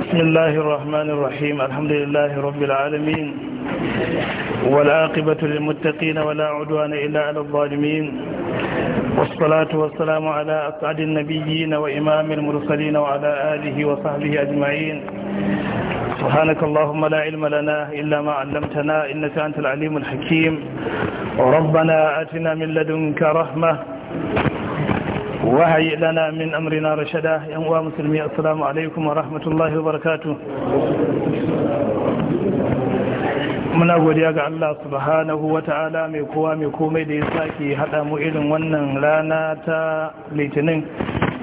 بسم الله الرحمن الرحيم الحمد لله رب العالمين والعاقبة للمتقين ولا عدوان إلا على الظالمين والصلاة والسلام على أسعد النبيين وإمام المرسلين وعلى آله وصحبه أجمعين سبحانك اللهم لا علم لنا إلا ما علمتنا إنك أنت العليم الحكيم ربنا آتنا من لدنك رحمة وهي لنا من أمرنا رشدا ينوى مسلمي السلام عليكم ورحمة الله وبركاته muna godiya ga Allah subhanahu wa ta'ala mai kowa mai komai da ya sake haɗa mu irin wannan rana ta litinin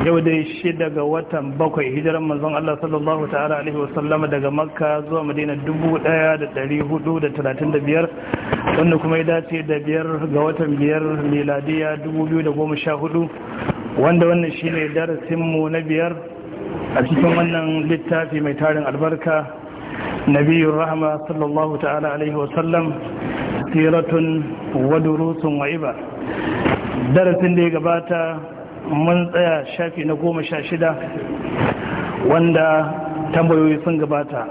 yau dai shi daga watan bakwai hijiran manzon Allah sallallahu ta'ala alaihi sallama daga makka zuwa madina 1435 wanda kuma ya dace da biyar ga watan biyar miladiya 2014 wanda wannan shi ne darasinmu na biyar a cikin wannan littafi mai tarin albarka biyu rahama sallallahu ta'ala alaihi wasallam siratun wadurusun wa'iba darasin da ya gabata mun tsaya shafi na goma sha shida wanda tambayoyi sun gabata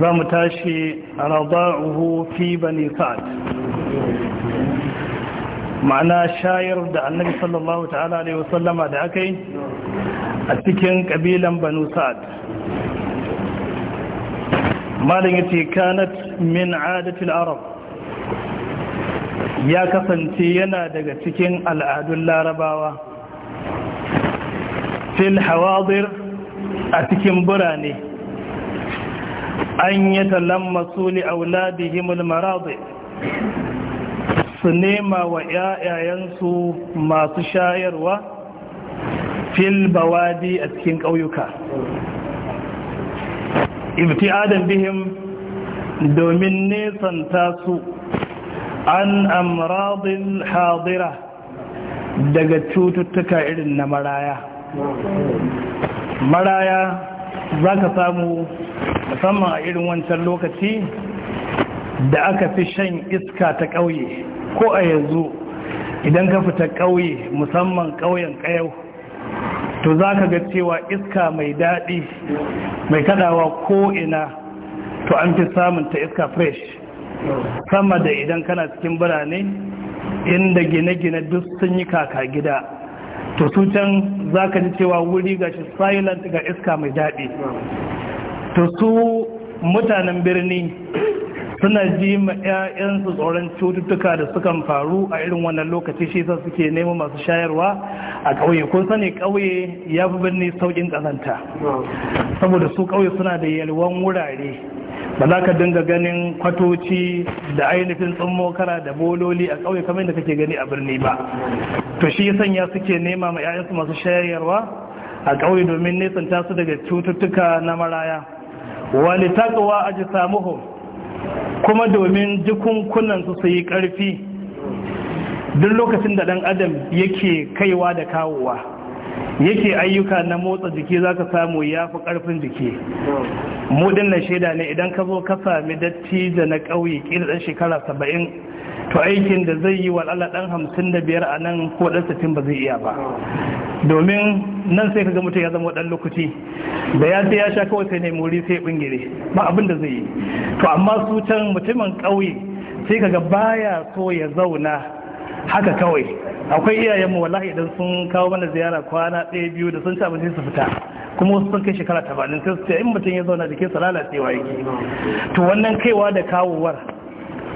za mu tashi rada'uhu fi bani sa'ad ma'ana shayar da annabi sallallahu ta'ala alaihi wasallama da aka yi a cikin kabilan banu sa'ad malin yace kanat min adatil arab ya kasance yana daga cikin al'adun larabawa fil hawadir a cikin birane an yatalammasu li auladihim al maradi su nema wa 'ya'yayansu masu shayarwa fil bawadi a cikin ƙauyuka adam bihim domin nesanta su an amradin hadira daga cututtuka irin na maraya maraya za ka samu musamman a irin wancan lokaci da aka fi shan iska ta ƙauye ko a yanzu idan ka fita ƙauye musamman ƙauyen ƙayau to za ka ga cewa iska mai daɗi mai kaɗawa ko'ina to an fi samun ta iska fresh sama da idan kana cikin birane inda gine-gine duk sun yi kaka gida to su can za ka ji cewa wuri ga shi silent ga iska mai daɗi to su mutanen birni suna ji ma 'ya'yansu tsoron cututtuka da sukan faru a irin wannan lokaci shi sa suke neman masu shayarwa a ƙauye kun sani ƙauye ya fi birni sauƙin ƙazanta saboda su ƙauye suna da yalwan wurare ba za ka dinga ganin kwatoci da ainihin tsammokara da bololi a ƙauye kamar da kake gani a birni ba to shi ya sanya suke nema ma 'ya'yansu masu shayarwa a ƙauye domin nesanta su daga cututtuka na maraya Wani wali aji ajsamuhum kuma domin jikunkunansu su yi ƙarfi duk lokacin da ɗan adam yake kaiwa da kawowa yake ayyuka na motsa jiki za ka samu ya fi ƙarfin jiki mudin na shaida ne idan ka zo ka sami dattijo na ƙauye ƙila ɗan shekara saba'in to aikin da zai yi wal'ala dan hamsin da biyar a nan ko dan sittin ba zai iya ba domin nan sai kaga mutum ya zama dan lokaci da ya sai ya sha kawai sai ne muri sai bingire ba abin da zai yi to amma su can mutumin ƙauye sai kaga baya so ya zauna haka kawai akwai iyayenmu wallahi idan sun kawo mana ziyara kwana ɗaya biyu da sun ci abinci su fita kuma wasu sun kai shekara tabanin sai su ce in mutum ya zauna jikin sa lalacewa yake to wannan kaiwa da kawowar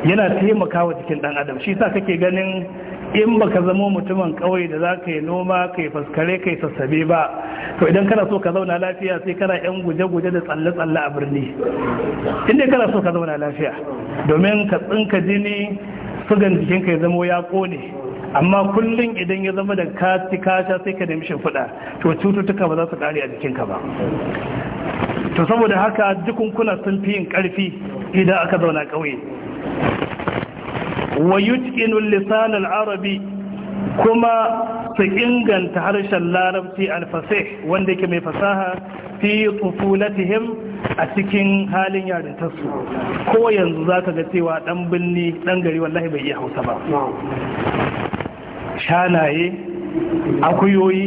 yana taimakawa cikin dan adam shi sa kake ganin in baka zama mutumin kauye da za ka yi noma kai yi faskare ka sassabe ba to idan kana so ka zauna lafiya sai kana yan guje-guje da tsalle-tsalle a birni inda kana so ka zauna lafiya domin ka tsinka jini sugan jikinka ya zamo ya kone amma kullum idan ya zama da kati kasha sai ka nemi shimfiɗa to cututtuka ba za su ƙare a jikinka ba to saboda haka kuna sun fi yin ƙarfi idan aka zauna ƙauye wa yutqinu lisan al-arabi kuma su inganta harshen larabci Al-Fasih wanda yake mai fasaha fi tufulatihim a cikin halin yarintarsu ko yanzu za ka ga cewa dan binni dan gari wallahi bai iya Hausa ba shanaye akuyoyi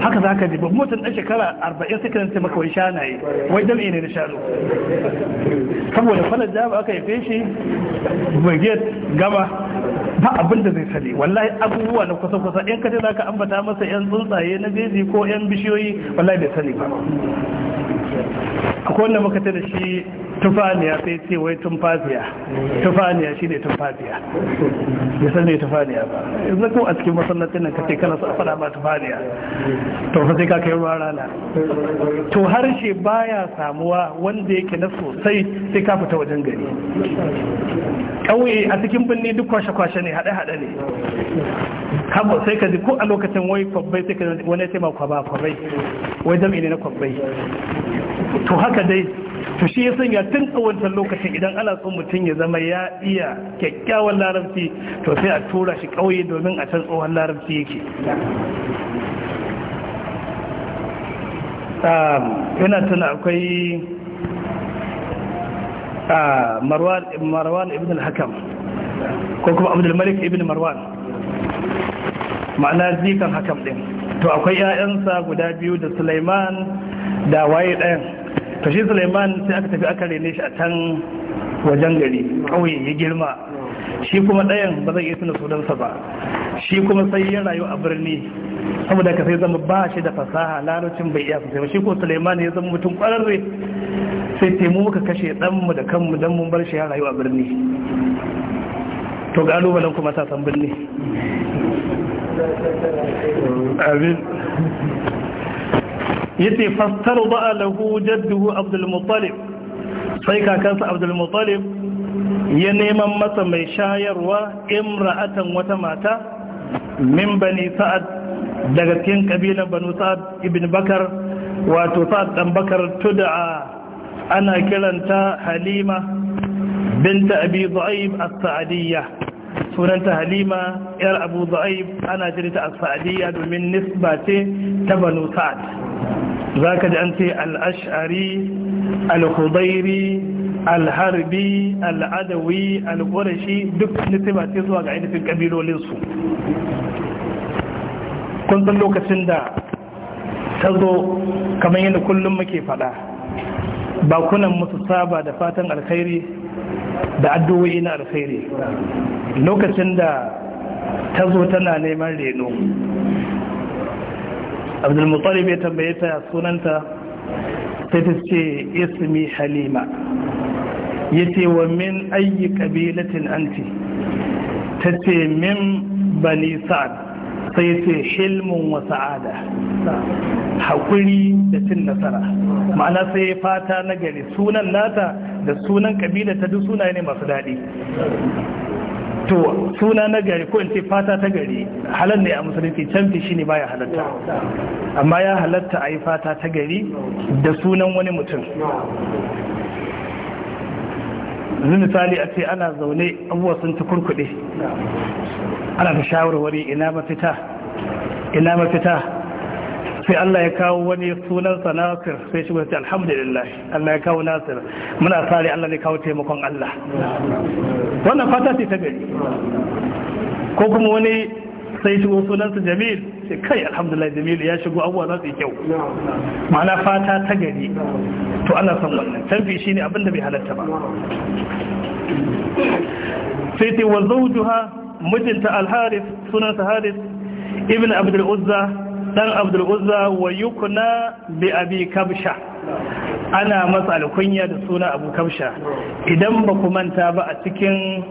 haka za ka ji ba mutum ɗan shekara arba'in suka karanta maka wai shanaye wai dan ne na shanu saboda falar jami'a aka yi feshi, brigade gama ba abin da zai sani wallahi abubuwa na kusa-kusa yan kaje za ka ambata masa yan tsuntsaye na bezi ko yan bishiyoyi wallahi bai sani ba akwai wanda muka da shi tufaniya sai ce wai tumfafiya tufaniya shi ne tumfafiya ya san tufaniya ba in zaku a cikin masallacin nan kace kana sa fara ma tufaniya to fa sai ka kai ruwa rana to harshe baya samuwa wanda yake na sosai sai ka fita wajen gari kauye a cikin binni duk kwashe kwashe ne hade hade ne Kamo sai ka ji ko a lokacin wai kwabbai sai ka wani ya ma kwaba kwabai wai dami ne na kwabbai to haka dai to shi ya sanya tun a wancan lokacin idan ana son mutum ya zama ya iya kyakkyawan larabci to sai a tura shi ƙauye domin a can tsohon larabci yake yana tuna akwai marwan ibn al-hakam ko kuma malik ibn marwan ma'ana zikan hakam din to akwai 'ya'yansa guda biyu da suleiman da waye ɗayan to shi Sulaiman sai aka tafi aka rene shi a can wajen gari kauye ya girma shi kuma ɗayan ba zai iya suna sunansa ba shi kuma sai ya rayu a birni saboda ka sai zama ba shi da fasaha larabcin bai iya sosai ba shi kuma suleiman ya zama mutum ƙwararre sai taimu muka kashe ɗanmu da kanmu don mun bar shi ya rayu a birni to ƙalubalen kuma ta san birni abin yace fastarda lahu jadduhu abdul muttalib sai kakansa abdul muttalib ya neman masa mai shayarwa imra'atan wata mata min bani sa'ad daga cikin kabilan banu sa'ad ibn bakar wato sa'ad dan bakar tud'a ana kiranta halima binta abi dhaib as-sa'diyah sunanta halima yar abu za'ib ana jirta a sa'adiyya domin nisba ce ta banu sa'ad za ka ji an ce al'ashari al Alharbi, al-harbi duk nisba ce zuwa ga ainihin kabilolinsu kun san lokacin da ta zo kamar yadda kullum muke faɗa bakunan musu saba da fatan alkhairi da addu'o'i na alkhairi lokacin da ta zo tana neman reno abdulmutsalib ya tambaye ta sunanta ta ta ce ismi halima ya ce wa min ayi ƙabilatin anti ta ce min bani sa'ad sai ce hilmun wa sa'ada haƙuri da cin nasara ma'ana sai fata na gari sunan nata da sunan kabila ta duk sunaye ne masu daɗi to suna na gari ko in ce fata ta gari halar ne a musulunci shi ne baya halatta amma ya halatta a yi fata ta gari da sunan wani mutum zai misali a ce ana zaune abuwa sun ci kurkuɗe ana da shawarwari ina mafita ina mafita sai Allah ya kawo wani sunansa Nasir sai shi wata alhamdulillah Allah ya kawo Nasir muna sare Allah ne kawo taimakon Allah wannan fata ce ta gari ko kuma wani sai shigo sunansa Jamil sai kai alhamdulillah Jamil ya shigo abuwa za su yi kyau ma'ana fata ta gari to ana san wannan tarbi shi ne abinda bai halatta ba sai ta wa zawjuha mijinta al-Harith sunansa Haris, ibn Abdul Uzza dan abdul uzza wa yukuna bi abi kabsha ana masa alkunya da suna abu kabsha idan ba ku manta ba a cikin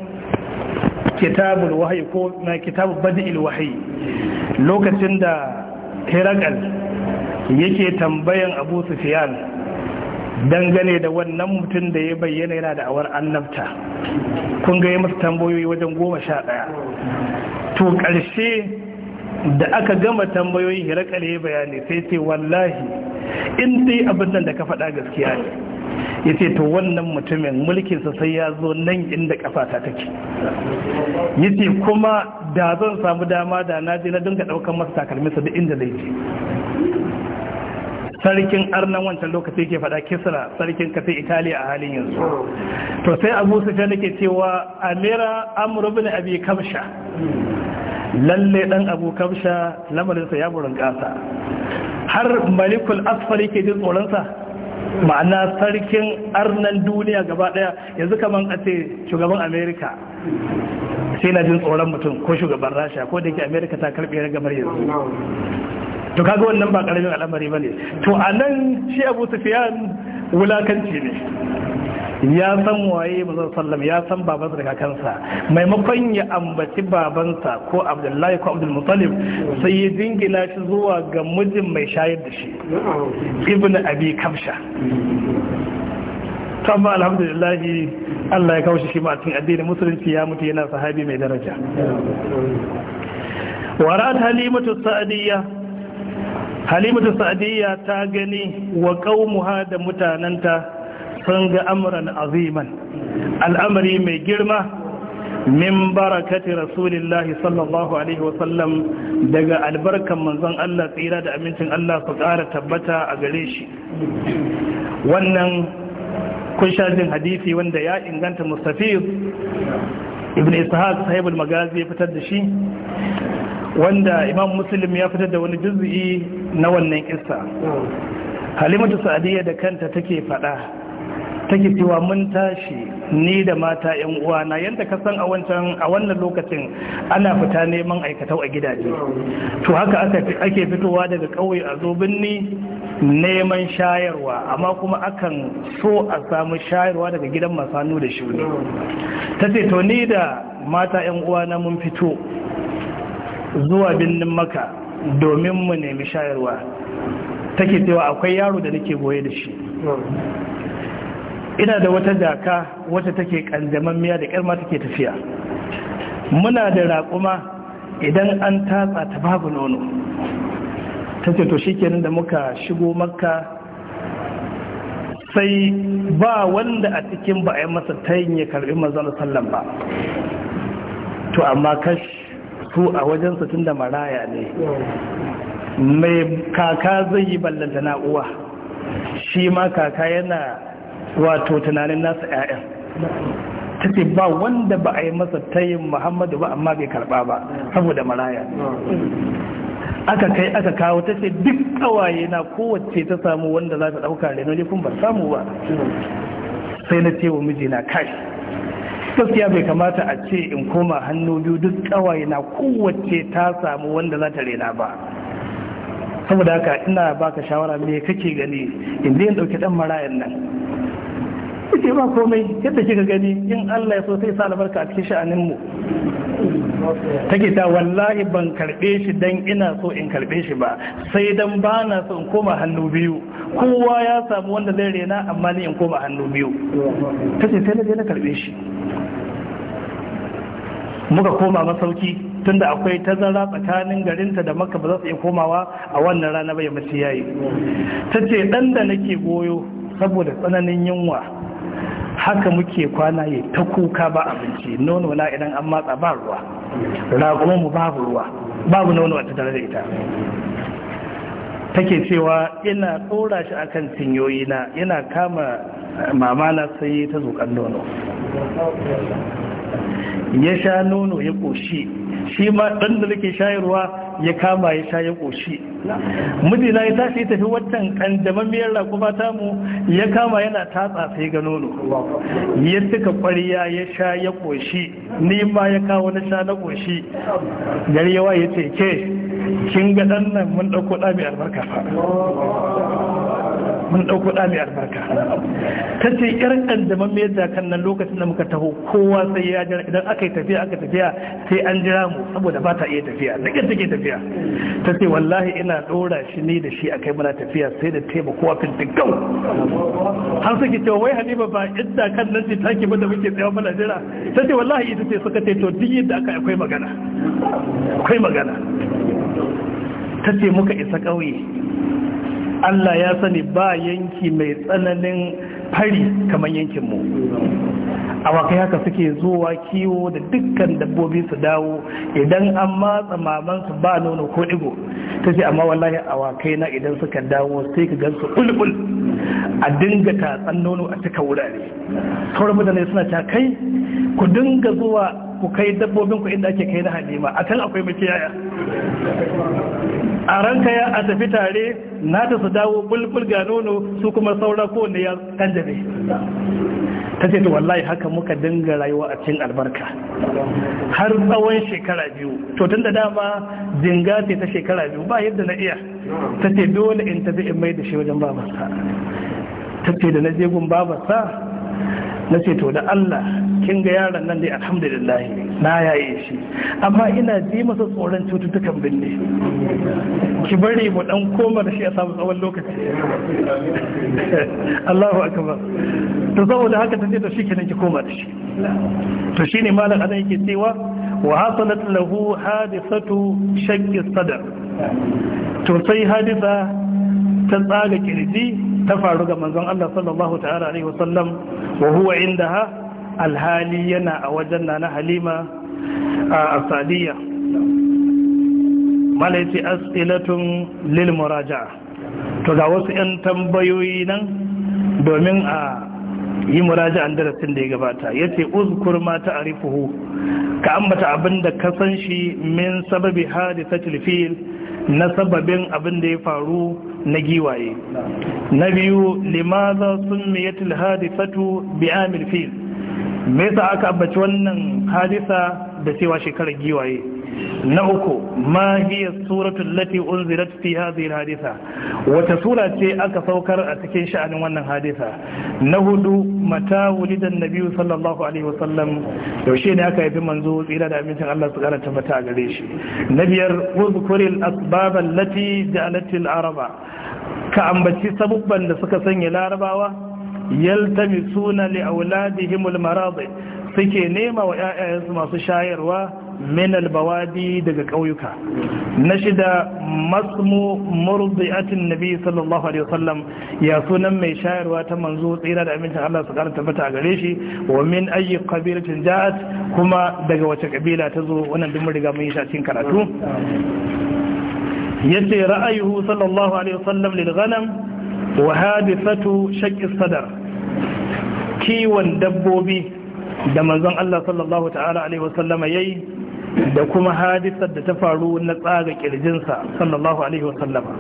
kitabul wahyi ko na kitabul badil wahyi lokacin da hirakal yake tambayan abu sufyan dangane da wannan mutum da ya bayyana yana da awar annabta kun ga ya masa tambayoyi wajen goma sha ɗaya to ƙarshe da aka gama tambayoyin hirakale ya bayani sai ce wallahi in dai abin da ka faɗa gaskiya ne ya ce to wannan mutumin mulkinsa sai ya zo nan inda kafata take ya ce kuma da zan samu dama da na je na dinga ɗaukar masa sa duk inda zai je sarkin arnan wancan lokaci ke fada kisra sarkin kasar italiya a halin yanzu to sai abu su da ke cewa amira amuru bin abi kamsha lalle dan abu kamsha lamarinsa ya burin kasa har malikul Asfari ke jin tsoronsa ma'ana sarkin arnan duniya gaba daya yanzu kaman a ce shugaban Amerika sai na jin tsoron mutum ko shugaban rasha ko da yake Amerika ta karbe gamar yanzu to kaga wannan ba karamin al'amari bane to anan shi Abu Sufyan wulakanci ne ya san waye manzon sallam ya san babansa da kakansa maimakon ya ambaci babansa ko abdullahi ko abdul mutalib sai ya dingina shi zuwa ga mijin mai shayar da shi Ibn abi kamsha tamma alhamdulillah Allah ya kawo shi ma cikin addinin musulunci ya mutu yana sahabi mai daraja ra'at halimatu sa'diyya halimatu sa'adiyya ta gani wa qaumuha da mutananta sun ga amran aziman al'amari mai girma min barakati rasulillahi sallallahu alaihi wasallam daga albarkan manzon Allah tsira da amincin Allah su ƙara tabbata a gare shi wannan kun jin hadisi wanda ya inganta mustafiz ibn ishaq sahibul magazi ya fitar da shi wanda imam muslim ya fitar da wani juz'i na wannan kissa halimatu sa'adiyya da kanta take fada take cewa mun tashi ni da mata yan uwana yanda ka san a wancan a wannan lokacin ana fita neman aikatau a gidaje to haka aka ake fitowa daga kauye a zo binni neman shayarwa amma kuma akan so a samu shayarwa daga gidan masu hannu da shuni tace to ni da mata yan uwana mun fito zuwa birnin maka domin mu nemi shayarwa take cewa akwai yaro da nake goye da shi ina da wata jaka wata take miya da ƙarma take tafiya muna da raƙuma idan an tatsa ta babu nono ta ce to shikenan da muka shigo makka sai ba wanda a cikin ba a yi masa tayin ya karbi mazan sallan ba to amma kashi su a wajensa tun da maraya ne mai kaka zai yi ballanta na uwa shi ma kaka yana wato tunanin nasa 'ya'yan ta ce ba wanda ba a yi masa tayin muhammadu ba amma bai karba ba saboda maraya aka kai aka kawo ta ce duk kawaye na kowace ta samu wanda za ta ɗauka renoli kuma kun samu ba sai na ce wa mijina kai gaskiya bai kamata a ce in koma hannu biyu duk kawai na kowace ta samu wanda za ta rena ba saboda haka ina baka shawara me kake gani in zai dauki dan marayan nan ce ba komai yadda kika gani in Allah ya so sai sa albarka a cikin sha'anin mu take ta wallahi ban karbe shi dan ina so in karbe shi ba sai dan ba na so in koma hannu biyu kowa ya samu wanda zai rena amma ni in koma hannu biyu tace sai na je na karbe shi muka koma masauki tunda akwai tazara tsakanin garinta da maka ba za su iya komawa a wannan rana bai mace yayi ta ce dan da nake goyo saboda tsananin yunwa haka muke kwana ya ta kuka ba abinci nono na idan an matsa ba ruwa raƙumin mu babu ruwa babu nono a tattare da ita take cewa ina tsora shi akan cinyoyi na yana kama mamana sai ta zuƙan nono ya sha nono ya ƙoshi shi ma ɗan da nake shayarwa ya kama ya sha ya ƙoshi mijina ya tashi ya tafi waccan ƙandamammiyar rakuba ta mu ya kama yana tatsa sai ga nono ya suka ƙwariya ya sha ya ƙoshi ni ma ya kawo na sha na ƙoshi gari yawa ya ce ke kin ga ɗan nan mun ɗauko ɗa mai albarka fa mun ɗauko ɗa mai albarka ta ce irin ƙanjaman mai yadda kan nan lokacin da muka taho kowa sai ya jira idan aka yi tafiya aka tafiya sai an jira mu saboda ba ta iya tafiya da ƙin take tafiya ta ce wallahi ina ɗora shi ne da shi akai muna tafiya sai da teba kowa dukkan har suke cewa wai halima ba yadda kan nan ce take ba da muke tsaye mana jira ta ce wallahi ita ce suka ce to duk yadda aka akwai magana akwai magana ta ce muka isa ƙauye Allah ya sani ba yanki mai tsananin fari kamar yankinmu awakai haka suke zuwa kiwo da dukkan dabbobi su dawo idan an matsa mamansu ba nono ko digo ta ce amma wallahi awakai na idan suka dawo sai ka gansu bulbul a dinga tatsan nono a cika wurare sauran mutane suna ta kai ku dinga zuwa ku kai dabbobin ku inda ake kai na halima a kan akwai yaya a ranka ya a tafi tare na ta su dawo bulbul ga nono su kuma saura kowanne ya kanjabe ta ce wallahi haka muka dinga rayuwa a cikin albarka har tsawon shekara biyu to tun da dama jinga ce ta shekara biyu ba yadda na iya ta ce dole in tafi in mai da shi wajen babarsa ta ce da na je gun babarsa na ce to da Allah kin ga yaron nan dai alhamdulillah na yaye shi amma ina ji masa tsoron cututtukan binne ki bari mu dan koma da shi a samu tsawon lokaci Allahu akbar to saboda haka tace to shikenan ki koma da shi to shine malam adan yake cewa wa hasalat lahu hadisatu shakki sadr to sai hadisa ta tsaga kirji ta faru ga manzon Allah sallallahu ta'ala alaihi wasallam wa huwa indaha alhali yana a wajen na halima a sadiya malaiti as'ilatun lil muraja'a to ga wasu 'yan tambayoyi nan domin a yi muraja'an darasin da ya gabata yace ce uzkur ma ta'rifuhu ka ambata abinda ka san shi min sababi hadisatul fil na sababin abin da ya faru na giwaye na biyu limaza sun miyatul hadisatu bi amil fil me yasa aka ambaci wannan hadisa da cewa shekarar giwaye na uku ma hiya suratul lati unzilat fi hadhihi hadisa wata sura ce aka saukar a cikin sha'anin wannan hadisa na hudu mata wulidan nabiyyu sallallahu alaihi wasallam yaushe ne aka yi manzo tsira da amincin Allah su karanta mata a gare shi na biyar uzkuril asbab allati ja'alat araba ka ambaci sabubban da suka sanya larabawa yaltamisuna li auladihim al maradi suke nema wa 'ya'yansu masu shayarwa من البوادي daga ƙauyuka na shida masmu murdi'atin nabi sallallahu alaihi wasallam ya sunan mai shayarwa ta manzo tsira da amincin Allah su ƙara tabbata a gare shi wa min ayyi qabilatin ja'at kuma daga wace kabila ta zo wannan duk mun riga mun yi shi karatu yace ra'ayuhu sallallahu alaihi wa kiwon dabbobi da manzon Allah sallallahu ta'ala alaihi wasallama yayi da kuma hadisar da ta faru na tsaga kirjinsa sallallahu alaihi wasallama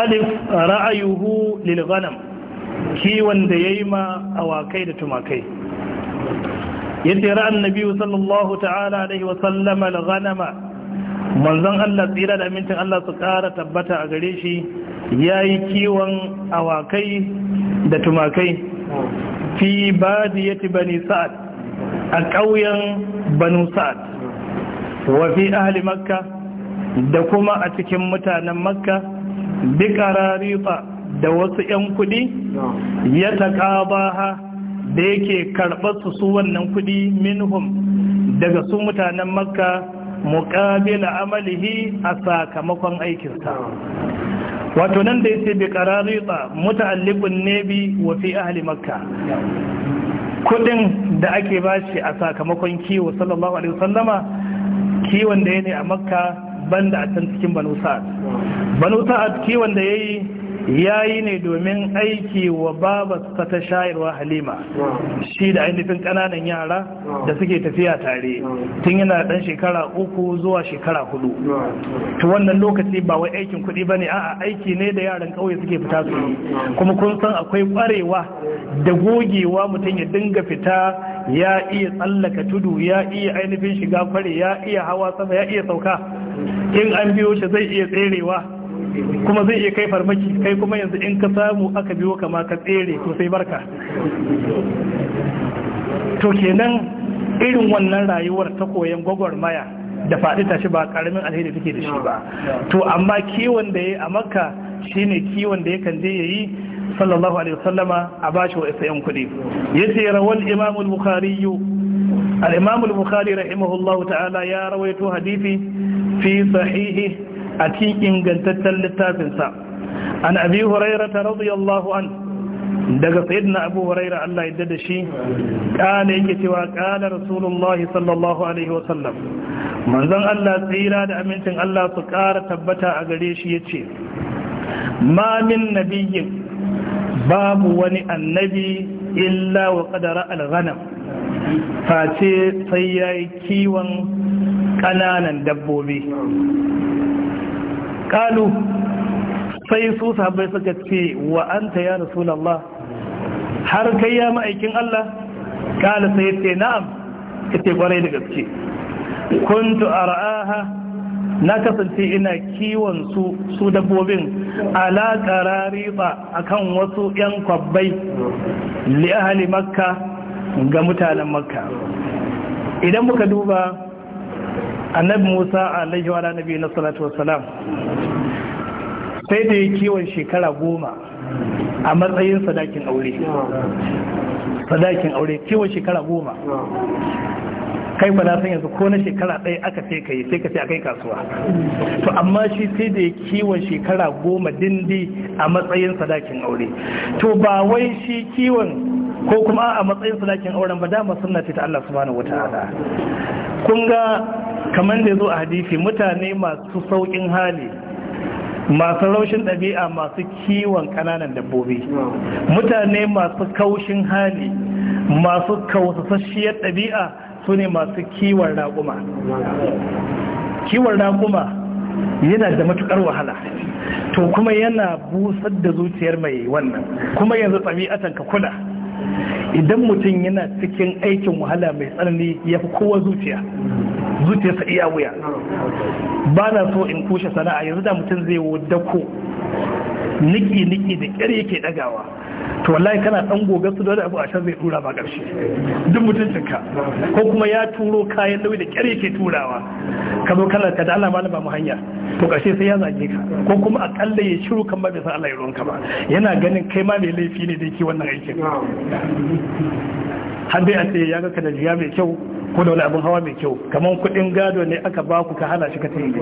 alif ra'ayuhu lil ghanam kiwon da yayi ma awakai da tumakai yadda ra'an nabi sallallahu ta'ala alaihi wasallama lil ghanama manzon Allah tsira da amincin Allah su kara tabbata a gare shi yayi kiwon awakai da tumakai fi badiyati bani sa'ad a ƙauyen banu sa'ad wa fi ahli makka da kuma a cikin mutanen makka bi ƙararifa da wasu 'yan kuɗi ya taƙabaha da yake karɓar su su wannan kudi minhum daga su mutanen makka muƙabila amalihi a sakamakon aikinsa wato nan da ya ce bi qararita muta'alliqun ne bi wa fi ahli makka kudin da ake bashi a sakamakon kiwo sallallahu alaihi wasallama kiwon da ya a makka banda a can cikin banu sa'ad banu sa'ad kiwon da yayi ya yi ne domin aiki wa baba ta shayarwa halima shi da ainihin kananan yara da suke tafiya tare tun yana ɗan shekara uku zuwa shekara hudu to wannan lokaci ba wai aikin kuɗi ba ne a'a aiki ne da yaran ƙauye suke fita su yi kuma kun san akwai kwarewa da gogewa mutum ya dinga fita ya iya tsallaka tudu ya iya ainihin shiga kware, ya iya hawa sama ya iya sauka in an biyo shi zai iya tserewa kuma zai iya kai farmaki kai kuma yanzu in ka samu aka biyo kama ka tsere to sai barka to kenan irin wannan rayuwar ta koyon maya da faɗi ta shi ba ƙaramin alheri take da shi ba to amma kiwon da ya a makka ne kiwon da yakan je yi sallallahu alaihi wasallama a bashi wa isa yan kuɗi yace ce imam al-bukhari al imamul bukhari rahimahullahu ta'ala ya rawaito hadisi fi sahihi a cikin ingantaccen littafinsa an abi huraira ta radiyallahu an daga sayyidina abu huraira Allah ya da shi kana yake cewa kana rasulullahi sallallahu alaihi wa sallam manzon Allah tsira da amincin Allah su kara tabbata a gare shi yace ma min nabiyyin babu wani annabi illa wa qadara al-ghanam face sai yayi kiwon kananan dabbobi kalu sai su sahabbai suka ce wa anta ya rasulullah har kai ya ma'aikin Allah Kalu sai ce na'am kace kwarai da gaske kuntu ar'aha na kasance ina kiwon su su dabbobin ala qarari ba akan wasu yan kwabbai li ahli makka ga mutanen makka idan muka duba annabi musa alaihi wa nabi na salatu salam, sai da ya kiwon shekara goma a matsayin sadakin aure sadakin aure kiwon shekara goma kai ba na san yanzu ko na shekara ɗaya aka sai ka yi sai ka sai a kai kasuwa to amma shi sai da ya kiwon shekara goma dindi a matsayin sadakin aure to ba wai shi kiwon ko kuma a matsayin sadakin auren ba dama sunna ce ta Allah subhanahu wataala kun ga kamar da ya zo a hadisi mutane masu sauƙin hali masu raushin ɗabi'a masu kiwon ƙananan dabbobi mutane masu kaushin hali masu kausasasshiyar ɗabi'a su ne masu kiwon raƙuma kiwon raƙuma yana da matuƙar wahala to kuma yana busar da zuciyar mai wannan kuma yanzu ɗabi'atan ka kula idan mutum yana cikin aikin wahala mai tsanani ya fi kowa zuciya zuciyarsa iya wuya ba na so in kushe sana'a yanzu da mutum zai wo dako niki niki da kyar yake dagawa to wallahi kana dan gogar su da abu a can zai tura ba karshe duk mutum mutuncinka ko kuma ya turo kayan nauyi da kyar yake turawa ka zo kana ka da Allah ba mu hanya to karshe sai ya zage ka ko kuma akalla ya shiru kan ba bai san Allah ya ruwan ka ba yana ganin kai ma mai laifi ne da yake wannan aikin har dai a ce ya ga ka jiya mai kyau ko da wani abin hawa mai kyau kamar kudin gado ne aka ba ku ka hana shi ka tayi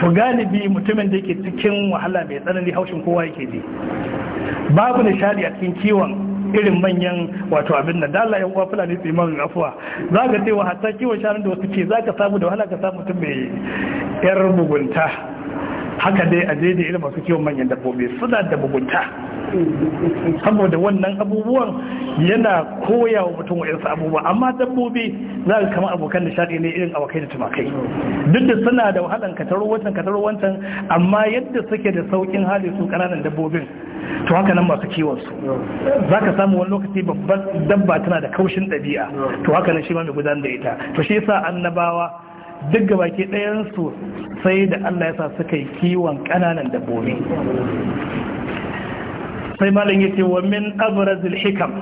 to galibi mutumin da yake cikin wahala mai tsanani haushin kowa yake ji babu nishadi a cikin kiwon irin manyan wato abin da dala yan uwa fulani su imanin afuwa za ka cewa hatta kiwon shanun da wasu ce. za ka samu da wahala ka samu mutum mai yar mugunta haka dai a je da irin masu kiwon manyan dabbobi suna da mugunta saboda wannan abubuwan yana koya wa mutum wayansu abubuwa amma dabbobi za ka kama abokan nishaɗi ne irin awakai da tumakai duk da suna da wahalan kataro wancan kataro wancan amma yadda suke da saukin hali su kananan dabbobin to haka nan masu kiwon su za ka samu wani lokaci babban dabba tana da kaushin ɗabi'a to haka nan shi ma mai gudanar da ita to shi yasa annabawa duk gaba ke ɗayansu sai da Allah ya sa suka yi kiwon ƙananan dabbobi sai malam ya ce wa min abrazil hikam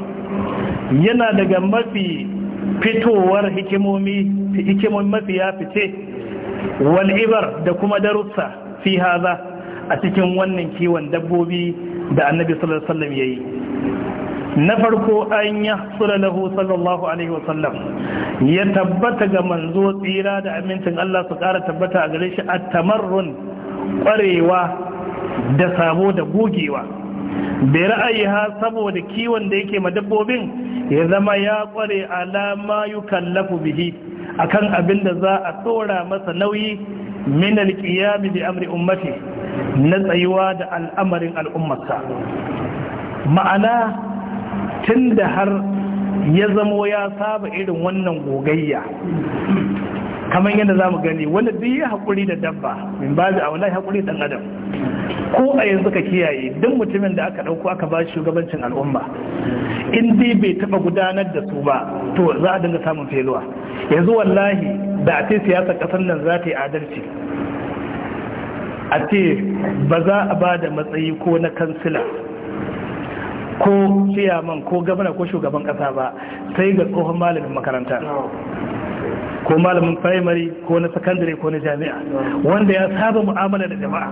yana daga mafi fitowar hikimomi hikimomi mafi ya fice wal ibar da kuma darussa fi haza a cikin wannan kiwon dabbobi da annabi sallallahu alaihi wasallam yayi na farko an ya sura lahu sallallahu alaihi wasallam ya tabbata ga manzo tsira da amincin Allah su kara tabbata a gare shi at-tamarrun kwarewa da sabo da gogewa da ra'ayi ha saboda kiwon da yake madabbobin ya zama ya kware alama yukallafu bihi akan abin da za a tsora masa nauyi min alqiyam bi amri ummati na tsayuwa da al'amarin al'ummarsa ma'ana tun da har ya zamo ya saba irin wannan gogayya kamar yadda za mu gani wanda duk ya haƙuri da dabba min ba a wani haƙuri ɗan adam ko a yanzu ka kiyaye duk mutumin da aka ɗauko aka ba shugabancin al'umma in dai bai taɓa gudanar da su ba to za a dinga samun feluwa yanzu wallahi da a ce siyasar ƙasar nan za ta yi adalci a ce ba za a ba da matsayi ko na kansila ko ciyaman ko gabana ko shugaban kasa ba sai ga tsohon malamin makaranta ko malamin primary ko na secondary ko na jami'a wanda ya saba mu'amala da jama'a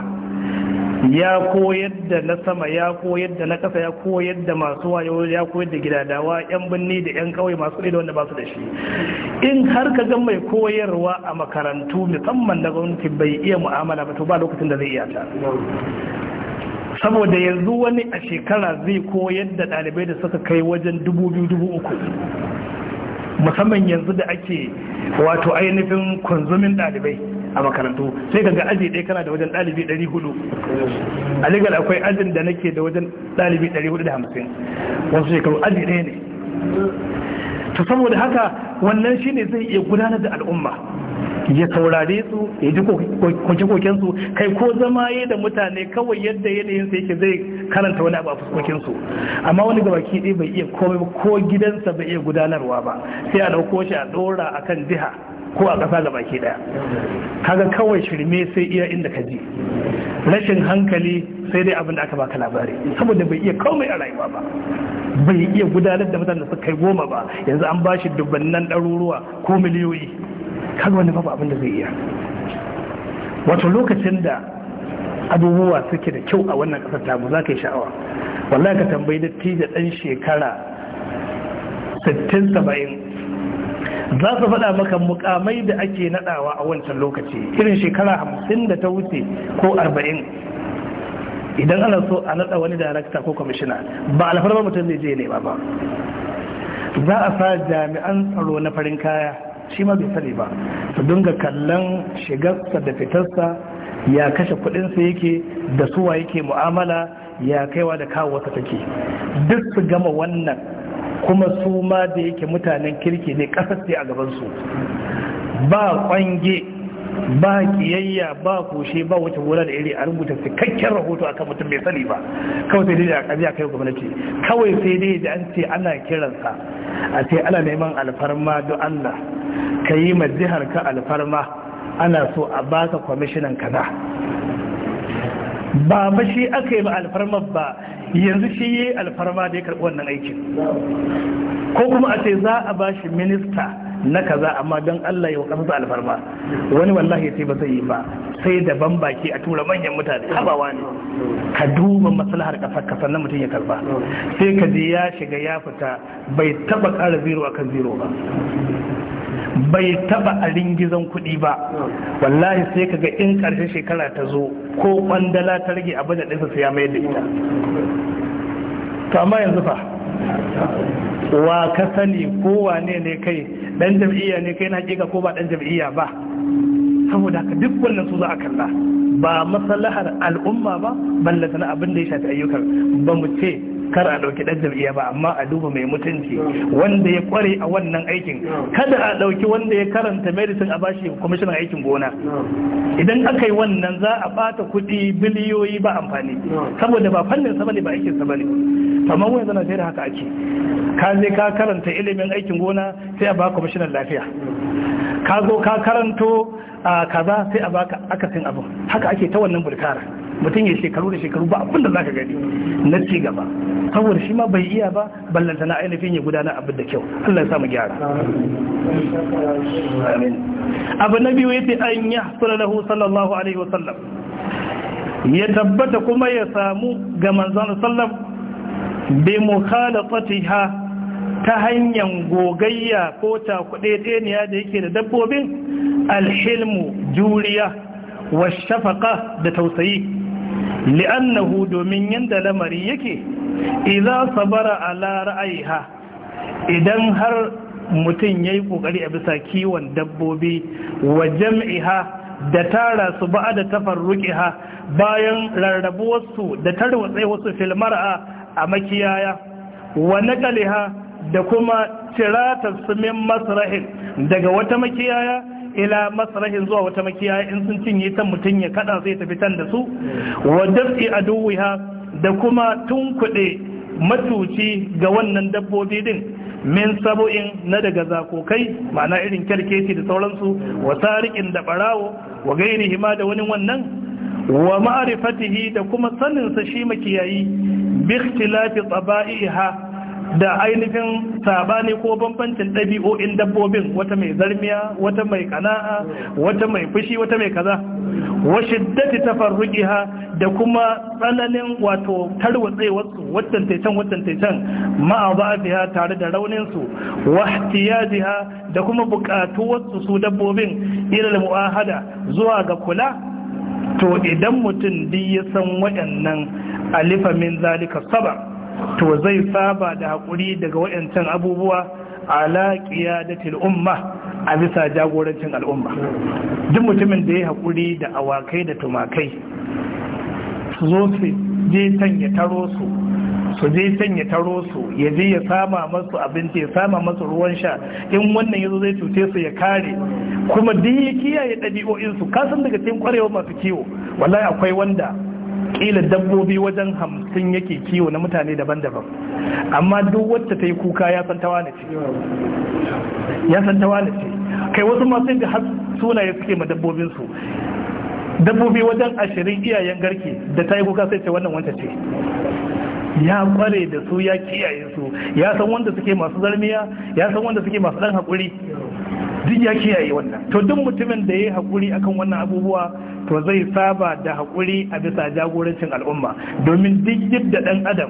ya koyar da na sama ya koyar da na kasa ya koyar da masu wayo ya koyar da gidadawa yan binni da yan kauye masu ido wanda ba su da shi in har ka ga mai koyarwa a makarantu musamman na gwamnati bai iya mu'amala ba to ba lokacin da zai iya ta saboda yanzu wani a shekara zai koyar da ɗalibai da suka kai wajen uku, musamman yanzu da ake wato ainihin kunzumin ɗalibai a makarantu sai ga aji ɗaya kana da wajen ɗalibi 400 a legal akwai ajin da nake da wajen ɗalibi 450 wasu shekaru aji ɗaya ne to saboda haka wannan shine zai iya gudanar da al'umma ya saurare su ya ji koke-koken kai ko zama yi da mutane kawai yadda yanayin sai ke zai karanta wani abu a fuskokensu. amma wani gaba ki bai iya komai ko gidansa bai iya gudanarwa ba sai a ɗauko shi a ɗora kan jiha ko a ƙasa gaba ki ɗaya kaga kawai shirme sai iya inda ka ji rashin hankali sai dai abin da aka baka labari saboda bai iya komai a rayuwa ba bai iya gudanar da mutane suka kai goma ba yanzu an bashi nan ɗaruruwa ko miliyoyi Kar wani babu abin da zai iya wato lokacin da abubuwa suke da kyau a wannan kasar tamu za ka yi sha'awa wallahi ka tambayi datti da ɗan shekara 60-70 za su faɗa maka mukamai da ake naɗawa a wancan lokaci irin shekara 50 da ta wuce ko 40 idan ana so a nada wani darakta ko kwamishina ba alfarmar mutum zai je ne ba ba za a sa jami'an tsaro na farin kaya shi ma bai sani ba su dinga kallon shigarsa da fitarsa ya kashe kudinsa yake da suwa yake mu'amala ya kaiwa da kawo wata take duk su gama wannan kuma su ma da yake mutanen kirki ne kasar a gabansu ba kwange ba kiyayya ba kushe ba wata wula da iri a rubuta cikakken rahoto akan mutum mai sani ba kawai sai dai a kaji a kai gwamnati kawai sai dai da an ce ana kiransa a ce ana neman alfarma don Allah ka yi ma jihar ka alfarma ana so a baka kwamishinan kaza ba ba shi aka yi ma alfarma ba yanzu shi yi alfarma da ya karɓi wannan aikin ko kuma a ce za a ba shi minista na kaza amma don Allah yau kasa alfarma wani wallahi ya ce ba zai yi ba sai da ban baki a tura manyan mutane habawa ne ka duba maslahar kasar ka na mutum ya karba sai ka je ya shiga ya fita bai taba ƙara zero akan zero ba bai taba a ringizan kuɗi ba wallahi sai ka ga in ƙarshen shekara ta zo ko kwandala ta rage abin da ɗinsa sai ya mai da ita to amma yanzu fa wa ka sani kowa ne ne kai dan jam'iyya ne kai na kika ko ba dan jam'iyya ba saboda haka duk wannan su za a kalla ba masalahar al'umma ba ballata na abin da ya shafi ayyukan ba mu ce kar a ɗauki ɗan jam'iyya ba amma a duba mai mutunci wanda ya kware a wannan aikin kada a ɗauki wanda ya karanta medicine a bashi kwamishinan aikin gona idan aka yi wannan za a bata kuɗi biliyoyi ba amfani saboda ba fannin sa bane ba aikin sa bane amma wani zana da haka ake ka je ka karanta ilimin aikin gona sai a ba kwamishinan lafiya ka zo ka karanto a kaza sai a baka akasin abu. haka ake ta wannan bulkara mutum ya shekaru da shekaru ba abin da zaka gani na ci gaba saboda shi ma bai iya ba ballanta na ainihin ya gudanar abin da kyau Allah ya samu gyara abu na biyu yace an ya sallallahu alaihi wa sallam ya tabbata kuma ya samu ga manzon sallam bi mukhalatatiha ta hanyar gogayya ko kuɗe ɗeniya da yake da dabbobin alhilmu juriya wa shafaka da tausayi li'annahu domin yadda lamari yake idza sabara ala ra'ayiha idan har mutum yayi kokari a bisa kiwon dabbobi wa jam'iha da tara su ba da tafarruqiha bayan rarrabuwarsu da tarwatsai wasu filmar'a a makiyaya wa naqaliha da kuma cirata su min daga wata makiyaya ila masrahin zuwa wata makiya in sun cinye ta mutum ya kada zai tafi tan da su wa daf'i aduwiha da kuma tun tunkuɗe matuci ga wannan dabbobi din min sabo'in na daga zakokai ma'ana irin kyarkeci da sauransu wa tarikin da barawo wa gairi hima da wani wannan wa ma'rifatihi da kuma saninsa shi makiyayi bi ikhtilafi tsaba'iha da ainihin sabani ko bambancin ɗabi'o'in dabbobin wata mai zarmiya wata mai kana'a wata mai fushi wata mai kaza wa shiddati tafarruqiha da kuma tsananin wato tarwatse wasu taitan wattan taitan tare da rauninsu, su da kuma bukatu wasu su dabbobin ila mu'ahada zuwa ga kula to idan mutum duk ya san waɗannan alifamin zalika sabar to zai saba da haƙuri daga wayancan abubuwa ala qiyadatil umma a bisa jagorancin al'umma duk mutumin da ya hakuri da awakai da tumakai su zo su je can taro su su je can taro su ya je ya sama masu abinci ya sama masu ruwan sha in wannan yazo zai cuce su ya kare kuma duk ya kiyaye ɗabi'o'insu kasan daga cikin kwarewa masu kiwo wallahi akwai wanda kila dabbobi wajen hamsin yake kiwo na mutane daban-daban amma duk wacce ta yi kuka ya san tawa ce ya san tawa ce kai wasu masu da har sunaye suke ma dabbobinsu dabbobi wajen ashirin iyayen garke da ta yi kuka sai ce wannan wanta ce ya kware da su ya kiyaye su ya san wanda suke masu zarmiya ya san wanda suke masu dan haƙuri duk ya kiyaye wannan to duk mutumin da ya yi haƙuri akan wannan abubuwa to zai saba da hakuri a bisa jagorancin al'umma domin duk yadda ɗan adam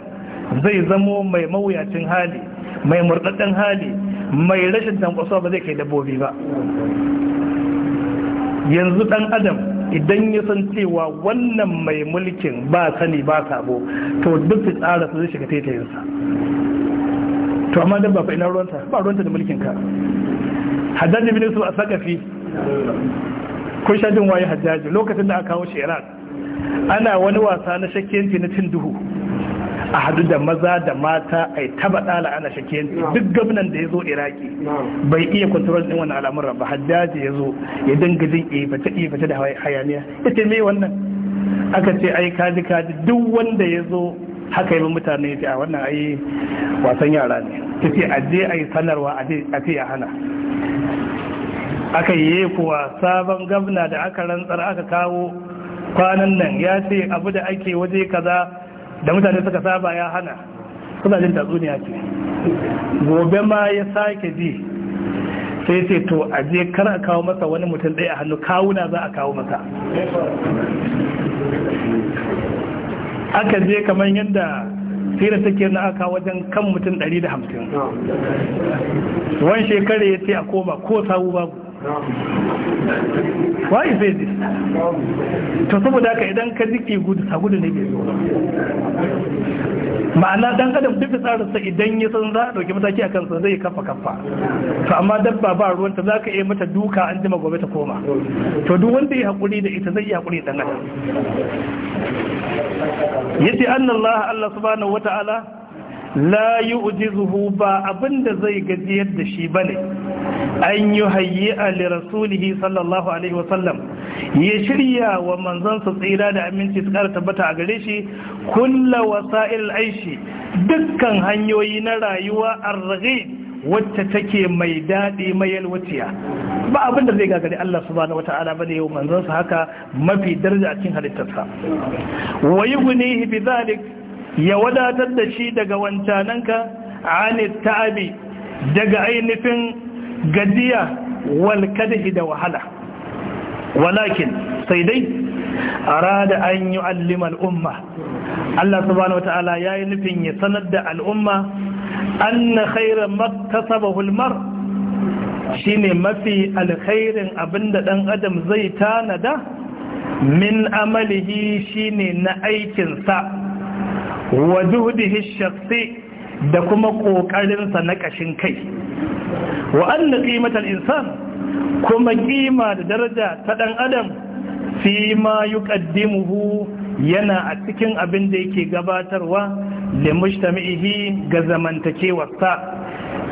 zai zamo mai mawuyacin hali mai murɗaɗɗen hali mai rashin tankwaso ba zai kai dabbobi ba yanzu ɗan adam idan ya san cewa wannan mai mulkin ba sani ba sabo to duk su tsara su zai shiga taitayinsa to amma dabba fa ina ruwanta ba ruwanta da mulkin ka hajjaj bin yusuf as-saqafi kun sha jin waye hajjaj lokacin da aka kawo shi Iraq ana wani wasa na shakiyanci na cin duhu a hadu da maza da mata ai taba ɗala ana shakiyanci duk gwamnan da yazo Iraki bai iya control din wannan al'amur ba ya yazo ya dinga jin ifata ifata da hayaniya ita me wannan aka ce ai kaji kaji duk wanda yazo haka yi mutane ya ce a wannan ai wasan yara ne ta ce a je a yi sanarwa a ce a hana aka yi kuwa sabon gabna da aka rantsar aka kawo kwanan nan ya ce abu da ake waje kaza da mutane suka saba ya hana suna jin tatsuniya ce gobe ma ya sake ji sai ce to a je kar a kawo masa wani mutum ɗaya a hannu kawuna za a kawo masa aka je kamar yadda sira take na aka wajen kan mutum 150 wani shekara ya ce a koma ko sabu babu why zai zai to saboda ka idan ka zike gudu sa gudu ne ke zo ma'ana dan adam duk tsarinsa idan ya san za a dauki mataki akan sa zai kafa kafa to amma dabba ba ruwan ta zaka iya mata duka an jima gobe ta koma to duk wanda ya hakuri da ita zai yi hakuri dan adam yace annallaha Allah subhanahu wata'ala la yu'jizuhu ba abinda zai gajiyar da shi bane an yi hayyi a lirasulihi sallallahu alaihi wasallam ya shirya wa manzansa tsira da aminci su kara tabbata a gare shi kulla wasa'il aishi dukkan hanyoyi na rayuwa arraghi wacce take mai daɗi mai yalwaciya ba abin da zai gagari Allah subhanahu wata'ala bane yau manzansa haka mafi daraja a cikin halittarsa wayi guni bi zalik ya wadatar da shi daga wancananka ani ta'abi daga ainihin gadiya wal da wahala walakin sai dai arada an yi al'umma al'umma. Allah subhanahu ya yi nufin ya sanar da al'umma. anna khaira maktasabahu al shine mafi alkhairin abinda dan adam zai tanada min amalihi shine na aikinsa wa juhdihi shakhsi da kuma ƙoƙarinsa na ƙashin kai wa anna insan kuma ƙima da daraja ta ɗan adam fi ma yuqaddimuhu yana a cikin abin da yake gabatarwa da mujtami'ihi ga zamantakewarsa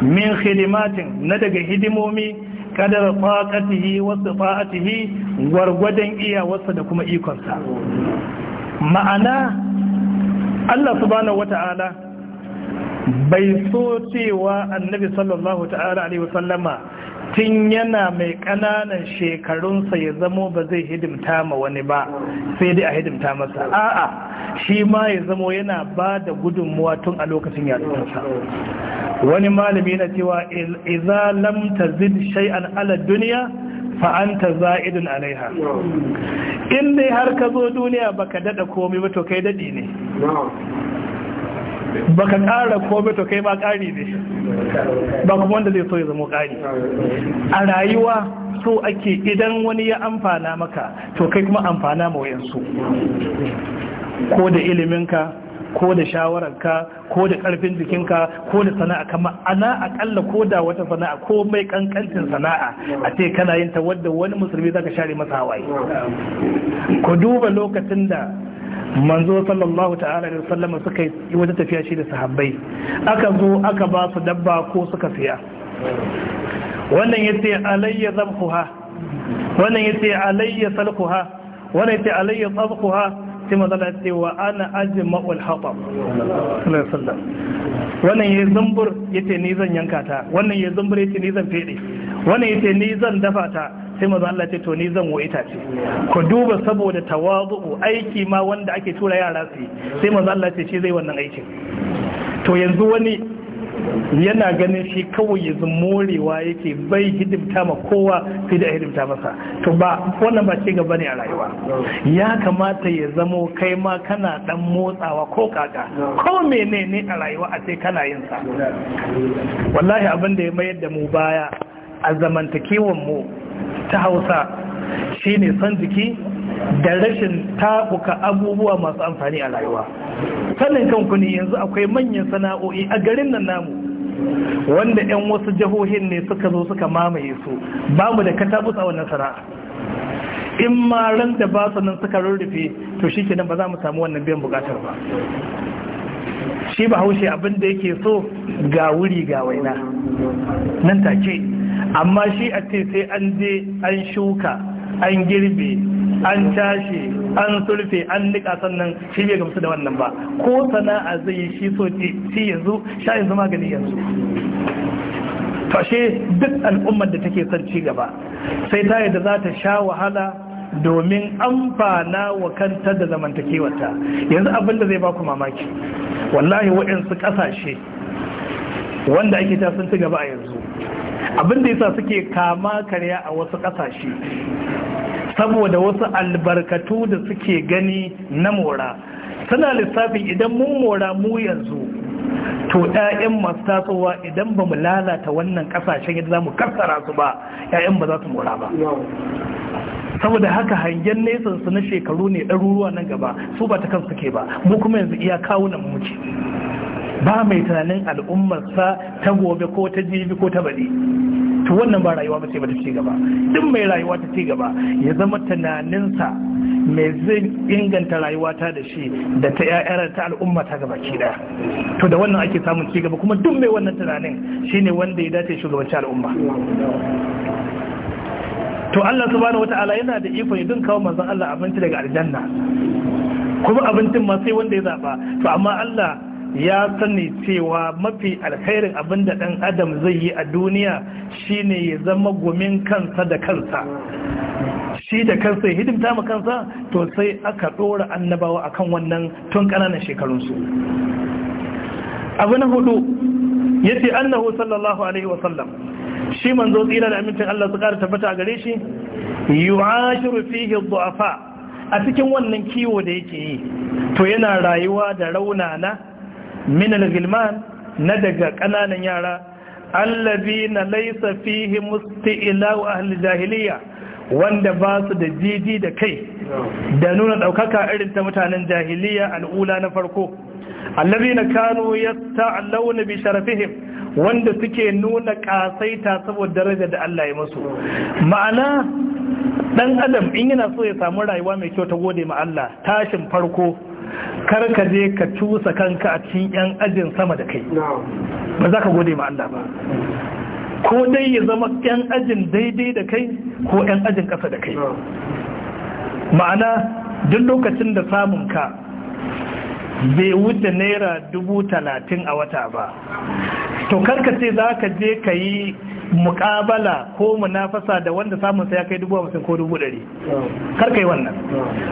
min khidimatin na daga hidimomi kadar faqatihi wa sifatihi gwargwadon iyawarsa da kuma ikonsa ma'ana Allah subhanahu wata'ala bai so cewa annabi sallallahu ta'ala alaihi wasallama tun yana mai ƙananan shekarunsa ya zamo ba zai hidimta ma wani ba sai dai a hidimta masa a'a shi ma ya zamo yana ba da gudunmuwa tun a lokacin yatsunsa wani malami yana cewa iza lam tazid shay'an ala duniya fa anta za'idun alaiha in dai har ka zo duniya baka dada komai ba to kai dadi ne Ba ka ƙara komai to kai ba ƙari ne ba kuma wanda zai so ya zama ƙari a rayuwa so ake idan wani ya amfana maka to kai kuma amfana ma wayansu ko da iliminka ko da shawararka ko da karfin jikinka ko da sana'a kama ana akalla ko da wata sana'a ko mai kankancin sana'a a ce kana yin ta wadda wani musulmi zaka share masa hawaye ku duba lokacin da manzo sallallahu ta'ala da sallama suka yi wata tafiya shi da sahabbai aka zo aka ba su dabba ko suka siya wannan ya ce alayya zabkuha wannan ya ce alayya salkuha wannan ya ce alayya tsabkuha sai mazala ce wa ana ajin ma'ul haɓa wannan ya zumbur ya ce ni zan yanka ta wannan ya zumbur ya ce ni zan fede wannan ya ce ni zan dafa ta sai Maza Allah ce to ni zan wo ce. ku duba saboda tawazu aiki ma wanda ake tura yara su sai Maza Allah ce shi zai wannan aikin to yanzu wani yana ganin shi kawai yanzu morewa yake bai hidimta ma kowa sai da hidimta masa to ba wannan ba ce gaba ne a rayuwa ya kamata ya zamo kai ma kana dan motsawa ko kaka ko menene a rayuwa a sai kana yin sa wallahi abin da ya mayar da mu baya a zamantakewan mu ta hausa shi ne son jiki da rashin tabuka abubuwa masu amfani a rayuwa Sannan kanku ne yanzu akwai manyan sana'o'i a garin nan namu wanda 'yan wasu jihohin ne suka zo suka mamaye su ba da katabus a wannan sana'a in ma ran da ba su nan suka rurrufe to shi kenan ba za mu samu wannan biyan bukatar ba shi ba haushe abin da yake so ga wuri ga waina nan take amma shi a ce sai an je an shuka an girbe an tashi an sulfe an nika sannan shi bai gamsu da wannan ba ko sana'a zai shi so ci yanzu sha yanzu magani yanzu fashe duk al'ummar da take son ci gaba sai ta yadda za ta sha wahala domin amfana wa kanta da zamantakewarta yanzu abin da zai baku mamaki wallahi waɗansu ƙasashe wanda ake ta sun ci gaba a yanzu abin da yasa suke kama karya a wasu kasashe saboda wasu albarkatu da suke gani na mora suna lissafin idan mun mora mu yanzu to 'ya'yan masu tasowa idan ba mu lalata wannan kasashen yadda za mu kassara su ba 'ya'yan ba za su mora ba saboda haka hangen nesan su na shekaru ne ɗaruruwa nan gaba su ba ta kansu suke ba mu kuma yanzu iya kawunan muke ba mai tunanin al'ummarsa ta gobe ko ta jibi ko ta baɗi to wannan ba rayuwa sai ba ta ci gaba duk mai rayuwa ta ci gaba ya zama tunaninsa mai zai inganta rayuwa ta da shi da ta ƴaƴar ta al'umma ta gaba ki daya to da wannan ake samun ci gaba kuma duk mai wannan tunanin shine wanda ya dace shugabanci al'umma to Allah subhanahu wata'ala yana da ikon idin kawo manzon Allah abinci daga aljanna kuma abincin ma sai wanda ya zaba to amma Allah ya sani cewa mafi alkhairin abin da ɗan adam zai yi a duniya shine ya zama gumin kansa da kansa shi da kansa ya hidimta ma kansa to sai aka ɗora annabawa akan wannan tun ƙananan shekarunsu abu na hudu ya ce annahu sallallahu alaihi wasallam shi manzo tsira da amincin Allah su ƙara tabbata a gare shi yu'ashiru fihi du'afa a cikin wannan kiwo da yake yi to yana rayuwa da raunana min al-gilman na daga kananan yara allazina laysa fihi musti'la wa ahli jahiliya wanda ba su da jiji da kai da nuna daukaka irin ta mutanen jahiliya al'ula na farko allazina kanu yasta'launa bi sharafihim wanda suke nuna kasaita saboda daraja da Allah ya musu ma'ana dan adam in yana so ya samu rayuwa mai kyau ta gode ma Allah tashin farko kar ka je ka cusa kanka a cikin yan ajin sama da kai ba za ka gode ma Allah ba ko dai ya zama yan ajin daidai da kai ko yan ajin ƙasa da kai ma'ana duk lokacin da samun ka bai wuce naira dubu talatin a wata ba to karka ce za ka je ka yi muƙabala ko munafasa da wanda samun sa ya kai dubu hamsin ko dubu dari? kar kai wannan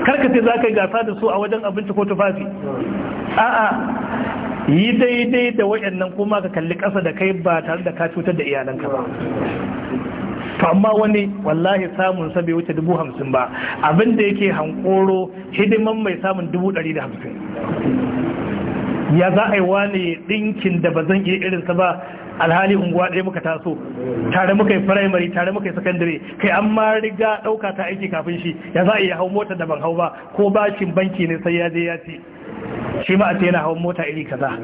kar ka ce za ka yi gasa da su a wajen abinci ko tufafi a'a yi daidai da waɗannan kuma ka kalli ƙasa da kai ba tare da ka cutar da iyalanka ba to amma wani wallahi samun sa bai wuce dubu hamsin ba abinda yake hankoro hidiman mai samun dubu ɗari da hamsin ya za a yi wane ɗinkin da ba zan iya irinsa ba alhali unguwa ɗaya muka taso tare muka yi firamare tare muka yi sakandare kai an ma riga ɗauka ta aiki kafin shi ya za a iya hau mota da ban hau ba ko bashin banki ne sai ya je ya ce shi ma a ce yana hawan mota iri kaza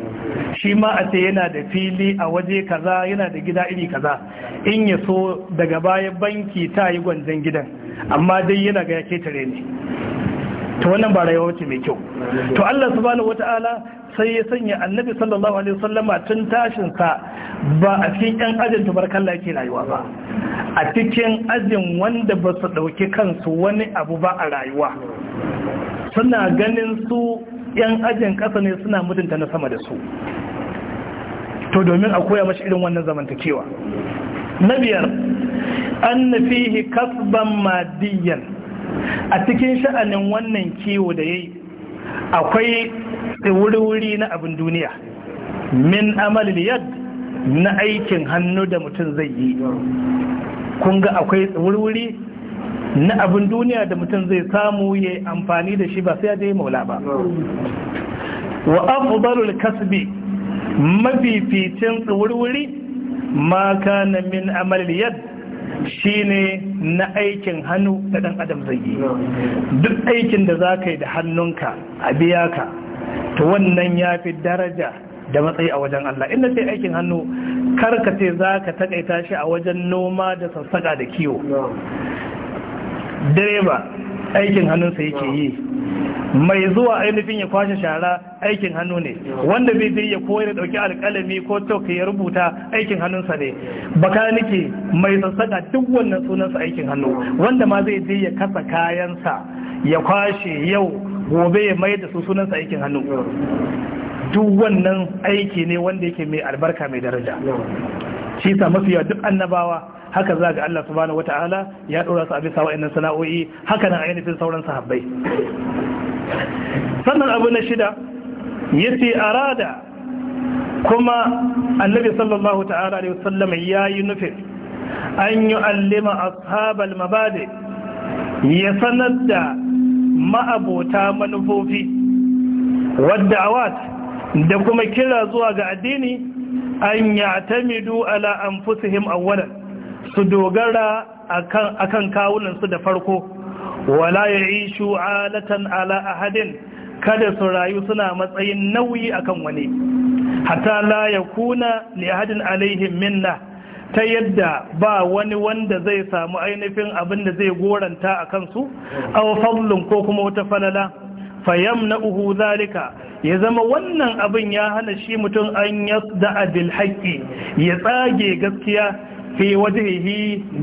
shi ma a ce yana da fili a waje kaza yana da gida iri kaza in ya so daga baya banki ta yi gwanjan gidan amma dai yana ga ya ketare ne to wannan ba rayuwa wace mai kyau to Allah subhanahu wata'ala sai ya sanya annabi sallallahu alaihi wasallama tun tashinsa ba a cikin yan ajin tubarkalla ke rayuwa ba a cikin ajin wanda ba su ɗauki kansu wani abu ba a rayuwa suna ganin su yan ajin ƙasa ne suna mutunta na sama da su to domin a koya mashi irin wannan zamantakewa na biyar an na fihi kasban madiyan a cikin sha'anin wannan kiwo da ya yi akwai wuri-wuri na abin duniya min amalin yad na aikin hannu da mutum zai yi kun ga akwai wuri-wuri na abin duniya da mutum zai samu ya amfani da shi ba sai ya maula ba wa afdalul kasbi mafificin wuri-wuri ma kana min amalin yad shine na aikin hannu da ɗan adam zai yi duk aikin da za ka yi da hannunka a biya ka to wannan ya fi daraja da matsayi a wajen Allah inda sai aikin hannu karka ce za ka takaita shi a wajen noma da sassaka da kiwo direba aikin hannunsa yake yi mai zuwa ainihin ya kwashe shara aikin hannu ne wanda bai zai ya koyar da dauki alkalami ko tok ya rubuta aikin hannunsa ne bakanike mai sassaka duk wannan sunansa aikin hannu wanda ma zai je ya kasa kayansa ya kwashe yau gobe ya mai da su sunansa aikin hannu duk wannan aiki ne wanda yake mai albarka mai daraja shi sa yawa duk annabawa haka za ga Allah subhanahu wata'ala ya dora su a bisa wa'annan sana'o'i haka nan ainihin sauran sahabbai sannan abu na shida ya ce arada kuma annabi sallallahu ta'ala alaihi ya yi nufi an yi allima ashabal mabade ya sanar da ma'abota manufofi wadda awat da kuma kira zuwa ga addini an atamidu ala anfusihim awwalan su dogara a akan kawunansu da farko wala ya yi shu'alatan ala ahadin kada su rayu suna matsayin nauyi akan wani hatta la ya kuna li ahadin alaihim minna ta yadda ba wani wanda zai samu ainihin abin da zai goranta a kansu aw fadlun ko kuma wata falala fayamna'uhu zalika ya zama wannan abin ya hana shi mutum an yasda adil haqqi ya tsage gaskiya fi wajihi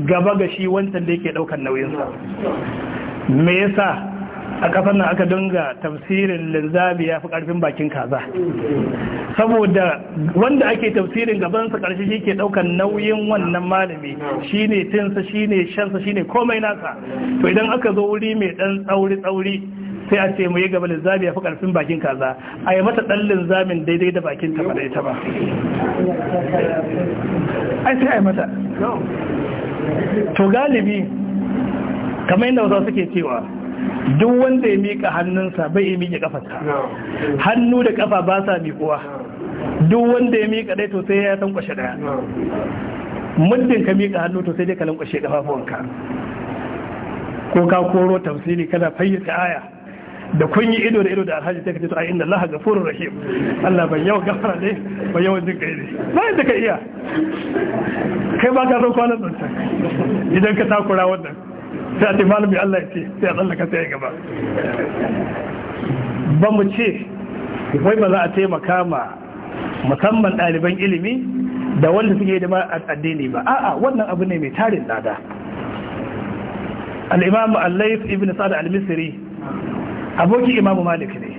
gaba ga shi wancan da yake ɗaukar nauyinsa me yasa a kasar nan aka dinga tafsirin linzabi ya fi karfin bakin kaza saboda wanda ake tafsirin gabansa karshe shi ke daukan nauyin wannan malami shine tinsa shine shansa shine komai nasa to idan aka zo wuri mai dan tsauri tsauri sai a ce mu yi gaba linzami ya fi karfin bakin kaza a yi mata dan linzamin daidai da bakin ta ba ita ba ai sai a yi mata to galibi kamar yadda wasu suke cewa duk wanda ya miƙa hannunsa bai ya miƙe kafarsa hannu da kafa ba sa miƙuwa duk wanda ya miƙa dai to sai ya san kwashe daya muddin ka miƙa hannu to sai dai ka kwashe kafafuwanka ko ka koro tafsiri kana fayyace aya da kun yi ido da ido da alhaji sai ka ce to ai inna allaha ghafurur rahim Allah ban yau gafara ne ban yau jin kai ne sai da ka iya kai ba ka san kwanan nan idan ka takura wannan sai a ce mai Allah ya ce sai a tsallaka sai ya gaba ba mu ce wai ba za a taimaka ma musamman ɗaliban ilimi da wanda suke da addini ba a'a wannan abu ne mai tarin lada al'imamu imam ibn sa'd al-misri aboki imam malik ne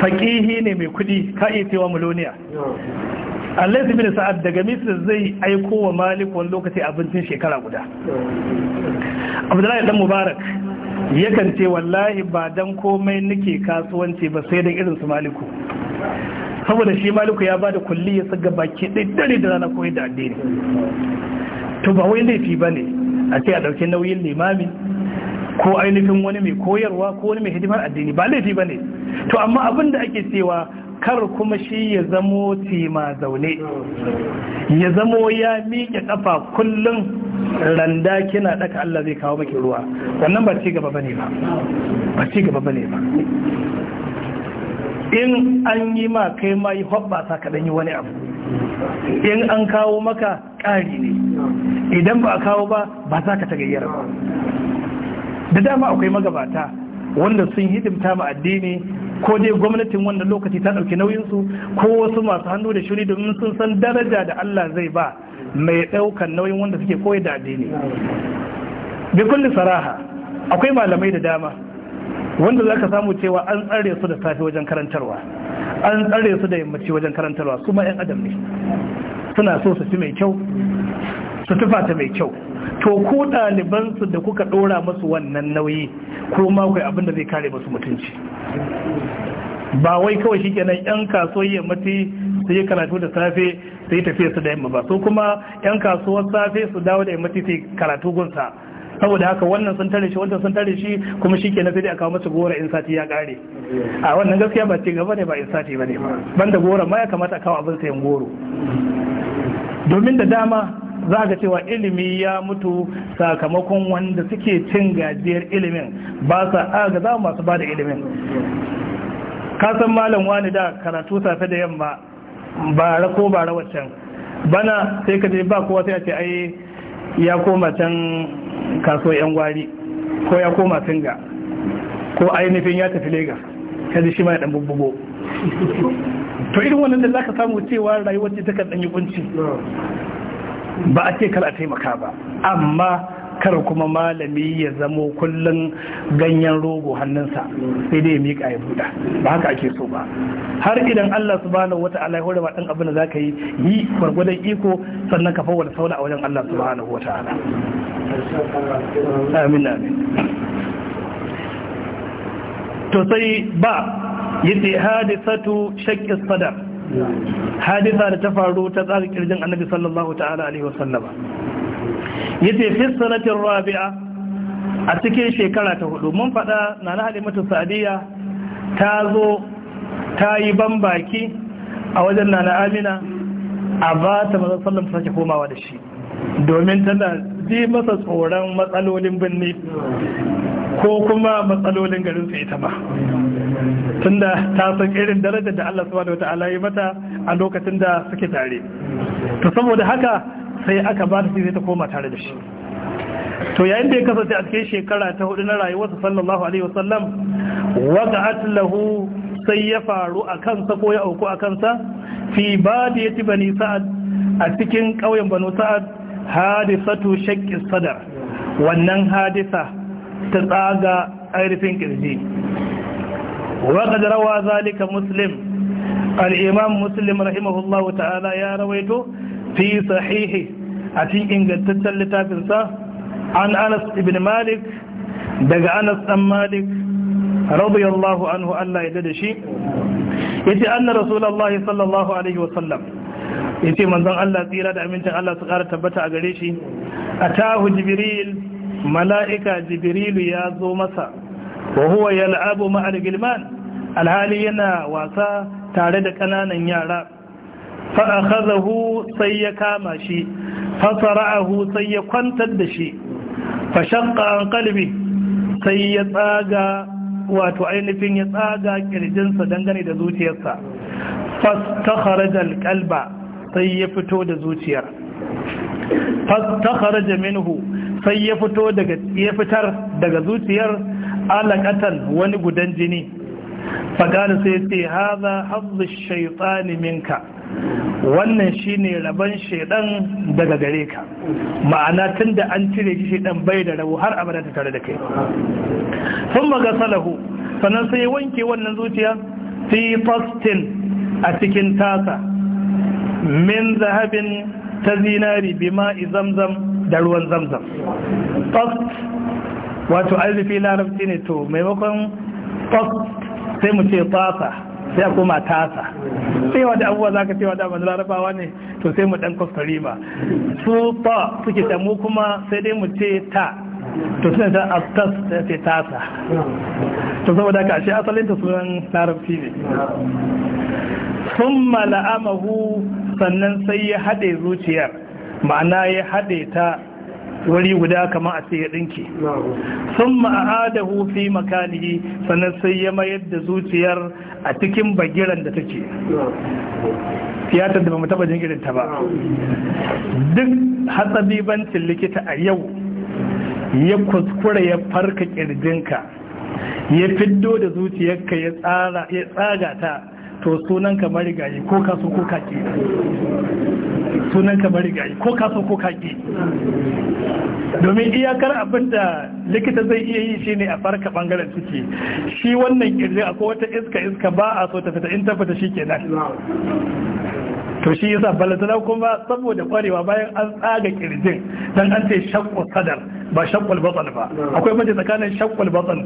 faƙihi ne mai kuɗi, ka iya cewa miloniya Allah bin sa'ad daga misir zai aiko wa malik wani lokaci abincin shekara guda abdullahi dan mubarak yakan ce wallahi ba dan komai nake kasuwanci ba sai dan irin su maliku saboda shi maliku ya ba da kulli ya saga baki dare da rana koyar da addini to ba wai laifi ne a ce a ɗauki nauyin limami ko ainihin wani mai koyarwa ko wani mai hidimar addini ba laifi ba ne? to amma abin da ake cewa kar kuma shi ya zamo tima zaune ya zamo ya miƙe ƙafa kullum randa kina ɗaka Allah zai kawo maki ruwa wannan ba ci gaba bane ba ba ci gaba bane ba in an yi ma kai ma yi hoɓɓasa kaɗan yi wani abu in an kawo maka ƙari ne idan ba a kawo ba ba za ka tagayyar ba da dama akwai magabata wanda sun hidimta ma addini ko dai gwamnatin wannan lokaci ta ɗauki nauyinsu ko wasu masu hannu da shuri domin sun san daraja da Allah zai ba mai ɗaukan nauyin wanda suke koyi da addini bi kulli saraha akwai malamai da dama wanda za ka samu cewa an tsare su da safe wajen karantarwa an tsare su da yammaci wajen karantarwa su ma 'yan adam ne suna so su fi mai kyau su tufa ta mai kyau to ku ɗalibansu da kuka ɗora masu wannan nauyi ko ma kai abin da zai kare masu mutunci ba wai kawai shi kenan yan kasoyi yammaci su yi karatu da safe su yi tafiya su da yamma ba so kuma yan kasuwar safe su dawo da yamma su karatu gunsa saboda haka wannan sun tare shi wannan sun tare shi kuma shi kenan sai dai aka kawo masa gora in sati ya kare a wannan gaskiya ba ci gaba ne ba in sati ba ne ba banda gora ma ya kamata a kawo abin sayan goro domin da dama za ga cewa ilimi ya mutu sakamakon wanda suke cin gajiyar ilimin ba sa za masu ba da ilimin kasan malam wani da karatu safe da yamma bara ko bara waccan bana sai ka je ba kowa sai a ce ai ya koma can kaso yan gwari ko ya koma singa ko ainihin ya tafi lega, ka shi ma ya dan bubbugo to irin wannan da zaka samu cewa rayuwar ce ta kan danyi kunci ba a ce kar a taimaka ba amma kar kuma malami ya zamo kullum ganyen rogo hannunsa sai dai ya miƙa ya buɗa ba haka ake so ba har idan Allah subhanahu wata'ala ya hore ma ɗan abin da zaka yi yi gwargwadon iko sannan ka fawar saula a wajen Allah subhanahu wata'ala amin amin to sai ba yadda hadisatu shakki sadar hadisa da ta faru ta tsara kirjin annabi sallallahu ta'ala alaihi wasallam yace fi sanatin rabi'a a cikin shekara ta hudu mun faɗa na na mata sa'adiyya ta zo ta yi ban baki a wajen nana amina a ba ta mazan sallam ta sake komawa da shi domin tana ji masa tsoron matsalolin birni ko kuma matsalolin garin su ita ba tunda ta san irin darajar da Allah subhanahu ta'ala ya mata a lokacin da suke tare to saboda haka sai aka ba ta sai ta koma tare da shi to yayin da ya kasance a cikin shekara ta hudu na rayuwarsa sallallahu alaihi wasallam waqa'at lahu sai ya faru a kansa ko ya auku a kansa fi badiyati bani sa'ad a cikin ƙauyen bani sa'ad hadisatu shakki sadar wannan hadisa ta tsaga airfin kirji wa qad rawa zalika muslim al-imam muslim rahimahullahu ta'ala ya rawaito fi sahihi a cikin ingantaccen littafinsa an Anas ibn Malik daga Anas dan Malik radiyallahu anhu Allah ya dade shi yace anna rasulullahi sallallahu alaihi wasallam ya ce manzon Allah tsira da amincin Allah su ƙara tabbata a gare shi a tahu jibril mala'ika jibrilu ya zo masa wa huwa ya la'abu ma’ar gilman alhali yana wasa tare da ƙananan yara fa'akazahu sai ya kama shi fasara'ahu sai ya kwantar da shi fashakka an kalbi sai ya tsaga wato ainihin ya tsaga ƙirjinsa dangane da zuciyarsa ta kharajar kalba sai ya fito da zuciyar fastakharaja minhu sai ya fito daga ya fitar daga zuciyar alaqatan wani gudan jini fagala sai ce haza hazzu shaytani minka wannan shine rabon shaidan daga gare ka ma'ana tunda an cire shi shaidan bai da rabu har abada ta tare da kai sun maga salahu sannan sai wanke wannan zuciya fi fastin a cikin tasa min zahabin ta zinari bima zamzam da ruwan zamzam post wato arziki larabci ne to maimakon post sai mu ce tasa sai a koma tasa sai wata abubuwa za ka ce wadda abin larabawa ne to sai mu dan kwastarima su ta suke samu kuma sai dai mu ce ta to suna ta astas ta ce tasa to saboda ka shi asalinta sunan larabci ne sun mala'amahu sannan sai ya haɗe zuciyar ma'ana ya haɗe ta wuri guda kama a sai ya ɗinki sun ma'adahu fi makani sannan sai ya mayar da zuciyar a cikin bagiran da take fiyatar da ba mu taɓa ba duk hatsabibancin likita a yau ya kuskura ya farka kirjinka ya fiddo da zuciyarka ya tsaga ta to sunan ka marigayi ko so ko kaki sunan ka marigayi ko so ko domin iyakar abinda likita zai iya yi shine a farka bangaren ciki shi wannan kirji akwai wata iska iska ba a so ta fita in ta fita shikenan to shi yasa balatana kuma saboda kwarewa bayan an tsaga kirjin dan an ce shakku sadar ba shakku batal ba akwai mace tsakanin shakku batal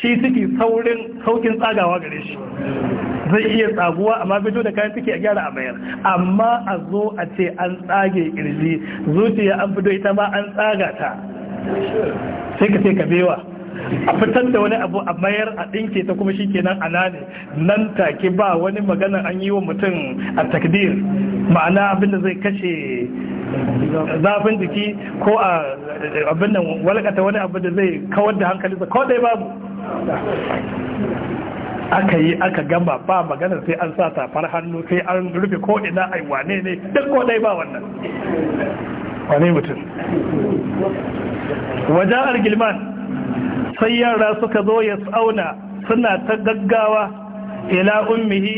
shi suke saurin saukin tsagawa gare shi zai iya tsaguwa amma fito da kayan suke a gyara a bayar amma a zo a ce an tsage kirji zuciya an fito ita ma an tsaga ta sai ka sai ka bewa a fitar da wani abu a mayar a ɗinke ta kuma shikenan ana ne nan take ba wani magana an yi wa mutum a takdir ma'ana abinda zai kashe zafin jiki ko a abin walakata wani abu da zai kawar da hankali ko dai babu aka yi aka gama ba magana sai an sa tafar hannu sai an rufe ko ina ai wane ne duk ko dai ba wannan wane mutum wajen argilman sai yara suka zo ya tsauna suna ta gaggawa ila ummihi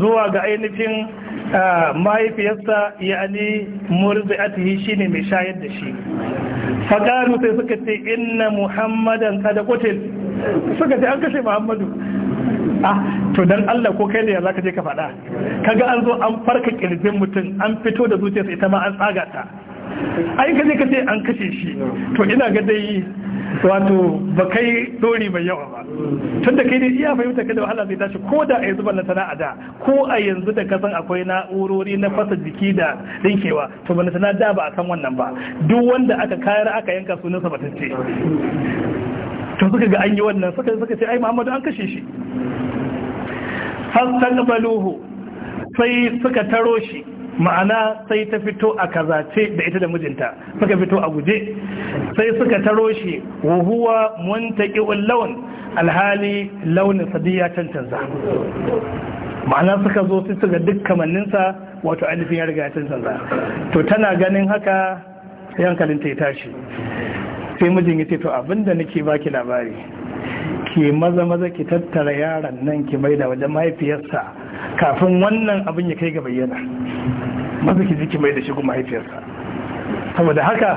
zuwa ga ainihin mahaifiyarsa tihi shi ne mai shayar da shi fagaru sai suka ce inna muhammadan kada kutil suka ce an kashe muhammadu ah to don Allah ko kai ne ya zaka je ka faɗa kaga an zo an farka ƙirjin mutum an fito da zuciyarsa ita ma an tsagata. ai ka je ka ce an kashe shi to ina ga dai wato ba kai dori mai yawa ba tun da kai dai iya fahimta kada wahala zai tashi ko da a yanzu ba na da ko a yanzu da kasan akwai na'urori na fasa jiki da rinkewa, to ba na da ba a san wannan ba duk wanda aka kayar aka yanka sunan sa batacce to suka ga an yi wannan suka suka ce ai Muhammadu an kashe shi fastaqbaluhu sai suka taro shi ma'ana sai ta fito a kazace da ita da mijinta suka fito a guje sai suka taro shi wuhuwa muntaqiul lawn alhali launin sadiya cancanza ma'ana suka zo sai suka duk kamanninsa wato alifin ya riga cancanza to tana ganin haka yankalin ta ya tashi sai mijin ya ce to abinda nake baki labari Ki maza maza ki tattara yaron nan ki mai da wajen mahaifiyarsa kafin wannan abin ya kai ga bayyana maza ki ji ki mai da shi kuma mahaifiyarsa saboda haka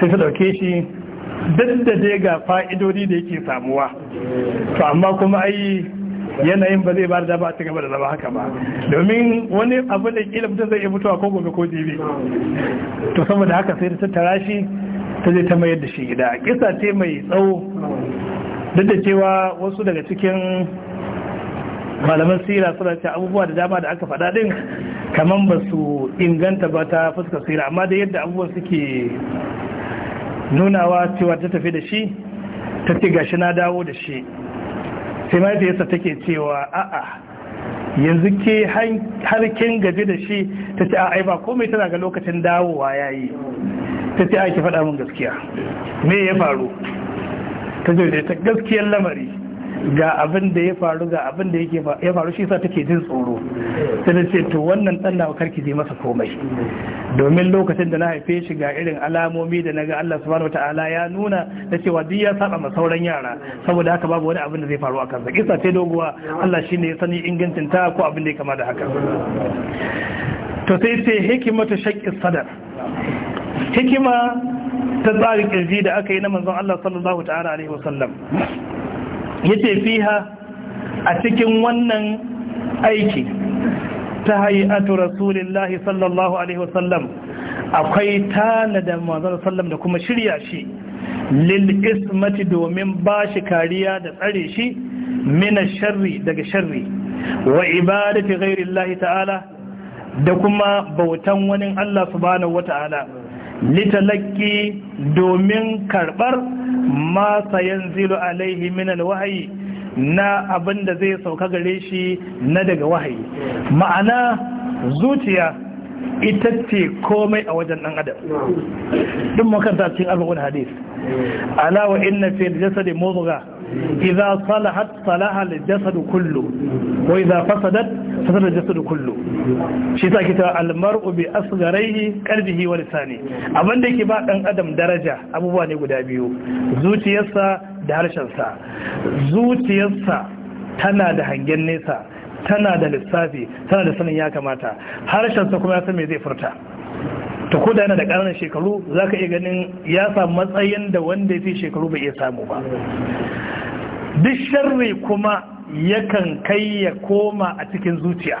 sai ta dauke shi duk da dai ga fa'idodi da yake samuwa to amma kuma ai yanayin ba zai ba da ba a cikin da zama haka ba domin wani abu da kila mutum zai iya mutuwa ko gobe ko jibi to saboda haka sai ta tattara shi ta zai ta mayar da shi gida kisa ce mai tsawo duk da cewa wasu daga cikin malaman sira suna ce abubuwa da dama da aka faɗa ɗin kamar ba su inganta ba ta fuskar sira amma da yadda abubuwan suke nunawa cewa ta tafi da shi ta ce gashi na dawo da shi sai mahaifiyarsa take cewa a'a yanzu ke harkin gaji da shi ta ce a'a ba komai tana ga lokacin dawowa yi, ta ce a ki faɗa min gaskiya me ya faru ta ta gaskiyar lamari ga abin da ya faru ga abin da ya faru shi sa take jin tsoro sai ce to wannan dan nawa karki je masa komai domin lokacin da na haife shi ga irin alamomi da naga Allah subhanahu wataala ya nuna da cewa duk ya saba ma sauran yara saboda haka babu wani abin da zai faru a kansa kisa ce doguwa Allah shine ya sani ingancin ta ko abin da ya kama da haka to sai sai hikimatu shaqqi sadar hikima ta tsarin kirji da aka yi na manzon Allah sallallahu ta'ala alaihi wasallam yace fiha a cikin wannan aiki ta hayatu rasulillahi sallallahu alaihi wasallam akwai da manzon sallam da kuma shirya shi lil ismati domin bashi kariya da tsare shi mina sharri daga sharri wa ibadati ghairillahi ta'ala da kuma bautan wani Allah subhanahu wata'ala litalaki domin karɓar masa zilu alaihi minal wahayi na abinda zai sauka gare shi na daga wahayi ma'ana zuciya ita ce komai a wajen ɗan adam duk makarta cikin arba'un hadis alawa inna fi jasadi mudgha idza salahat salaha al-jasad kullu wa idza fasadat fasada al-jasad kullu shi ta kita al-mar'u bi asgharihi qalbihi wa lisani abinda yake ba dan adam daraja abubuwa ne guda biyu zuciyarsa da harshensa zuciyarsa tana da hangen nesa tana da lissafi tana da sanin ya kamata harshensa kuma ya san me zai furta ta koda yana da ƙananan shekaru za ka iya ganin ya samu matsayin da wanda ya fi shekaru bai iya samu ba duk sharri kuma yakan kai ya koma a cikin zuciya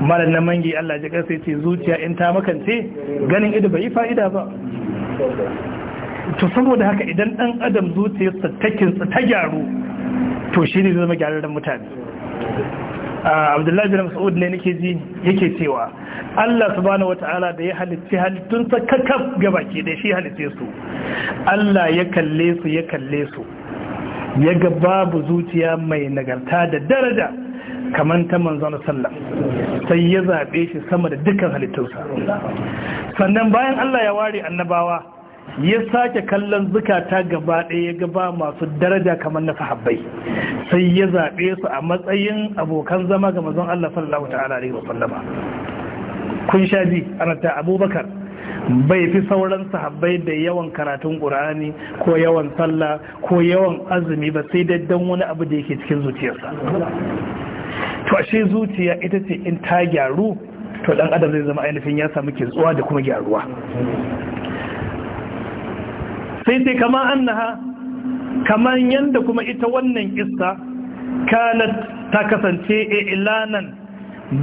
malar na mangi Allah ji ƙasa ce zuciya in ta makance ganin ido bai yi fa'ida ba to saboda haka idan ɗan adam zuciyarsa ta gyaru to shi ne zama gyararren mutane Ah, abdullahi bin mas'ud ne nake ji yake cewa Allah subhanahu wataala da ya halitta halittun sa kakaf ke da shi halitta su Allah ya kalle su ya kalle su ya ga babu zuciya mai nagarta da daraja kamar ta manzon sallam sai ya zabe shi sama da dukkan halittunsa sannan bayan Allah ya ware annabawa ya sake kallon zukata gaba ɗaya ya gaba masu daraja kamar na sahabbai sai ya zaɓe su a matsayin abokan zama ga mazan Allah sallallahu ta'ala alaihi wasallama kun sha ji anata abubakar bai fi sauran sahabbai da yawan karatun ƙur'ani ko yawan sallah ko yawan azumi ba sai dai wani abu da yake cikin zuciyarsa to ashe zuciya ita ce in ta gyaru to dan adam zai zama ainihin ya samu kitsuwa da kuma gyaruwa sai sai kama annaha kaman yanda kuma ita wannan kissa kanat ta kasance e ilanan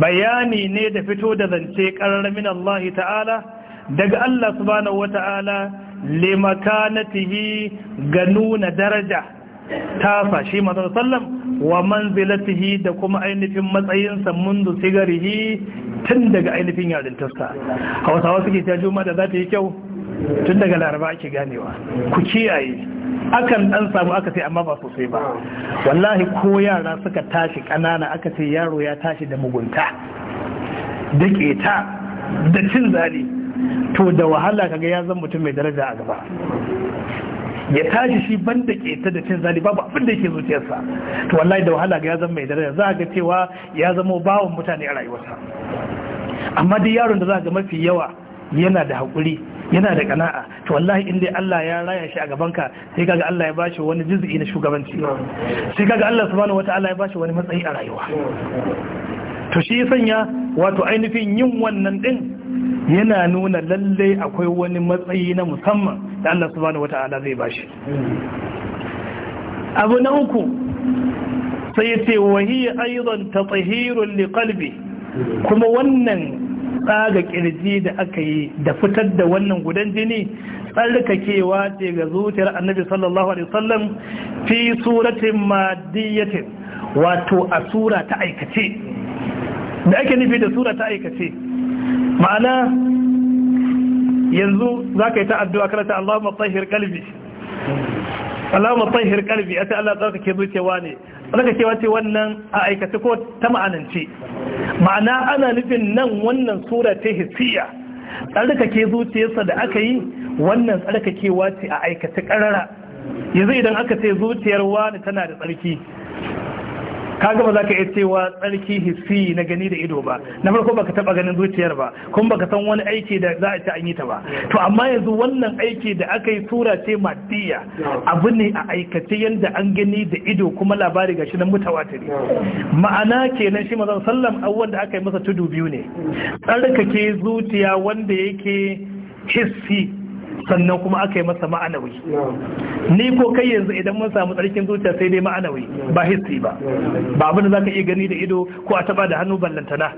bayani ne da fito da zance karar min Allah ta'ala daga Allah subhanahu wata'ala limakanatihi ga nuna daraja tasa shi mazan sallam wa manzilatihi da kuma ainihin matsayinsa mundu sigarihi tun daga ainihin yarintarsa hausawa suke ta juma da za ta yi kyau tun daga laraba ake ganewa ku kiyaye akan dan samu aka ce amma ba sosai ba wallahi ko yara suka tashi kanana aka ce yaro ya tashi da mugunta da keta da cin zali to da wahala kaga ya zan mutum mai daraja a gaba ya tashi shi ban da keta da cin zali babu abin da yake zuciyarsa to wallahi da wahala ga ya zan mai daraja za ga cewa ya zama bawon mutane a rayuwarsa amma duk yaron da za ga mafi yawa yana da haƙuri yana da kana'a to wallahi in dai Allah ya raya shi a gaban ka sai kaga Allah ya bashi wani juz'i na shugabanci sai kaga Allah subhanahu wataala ya bashi wani matsayi a rayuwa to shi ya sanya wato ainihin yin wannan din yana nuna lalle akwai wani matsayi na musamman da Allah subhanahu wata'ala zai bashi abu na uku sai ya ce wahiyya aidan ta liqalbi kuma wannan tsaga kirji da aka yi da fitar da wannan gudan jini tsarkakewa ce ga zuciyar annabi sallallahu alaihi wasallam fi suratin madiyatin wato a sura ta aikace da ake nufi da sura ta aikace ma'ana yanzu za ka yi ta addu'a karanta Allahumma tsahir kalbi Allahumma tsahir kalbi ya ce Allah tsarkake zuciyawa ne tsarkakewa ce wannan a aikace ko ta ma'anance ma'ana ana nufin nan wannan sura ta hisiya tsarkake zuciyarsa da aka yi wannan tsarkakewa ce a aikata karara yanzu idan aka ce zuciyar wani tana da tsarki Ka gaba za ka iya cewa tsarki hissi na gani da ido ba na farko baka taba ganin zuciyar ba kuma baka san wani aiki da za a ci an yi ta ba to amma yanzu wannan aiki da aka yi tura ce maddiya abu ne a aikace yadda an gani da ido kuma labari ga shi na ne ma'ana kenan shi mazan sallam a da aka yi masa tudu biyu ne tsarkake zuciya wanda yake hissi sannan kuma aka yi masa ma'anawi ni ko kai yanzu idan mun samu tsarkin zuciya sai dai ma'anawi ba hissi ba ba abin da zaka iya gani da ido ko a taba da hannu ballantana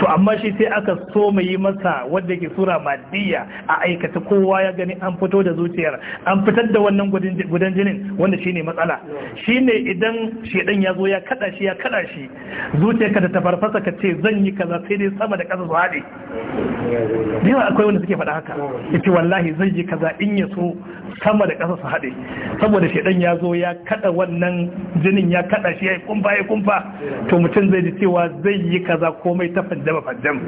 to amma shi sai aka so mu yi masa wanda ke sura madiyya a aikata kowa ya gani an fito da zuciyar an fitar da wannan gudan jinin wanda shine matsala shine idan shedan ya zo ya kada shi ya kada shi zuciyarka da tafarfasa ka ce zan yi kaza sai dai sama da kasa su haɗe yawa akwai wanda suke faɗa haka yace wallahi zai ubangiji kaza in ya so sama da ƙasa su haɗe saboda shaidan ya zo ya kada wannan jinin ya kada shi ya yi kumfa ya kumfa to mutum zai ji cewa zai yi kaza komai ta faddama faddama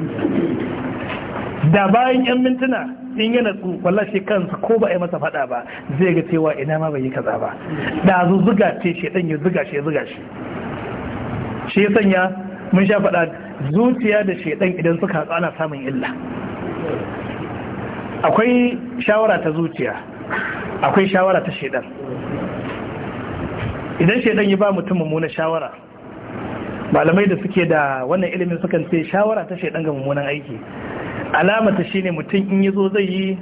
da bayan yan mintuna in yana tsu shi kansa ko ba a yi masa faɗa ba zai ga cewa ina ma bai yi kaza ba da zuga ce shaidan ya zuga shi ya zuga shi shi ya sanya mun sha faɗa zuciya da shaidan idan suka tsana samun illa akwai shawara ta zuciya akwai shawara ta shaidan idan shaidan ya ba mutum mummuna shawara malamai da suke da wannan ilimin sukan ce shawara ta shaidan ga mummunan aiki alamata shine mutum in yazo zai yi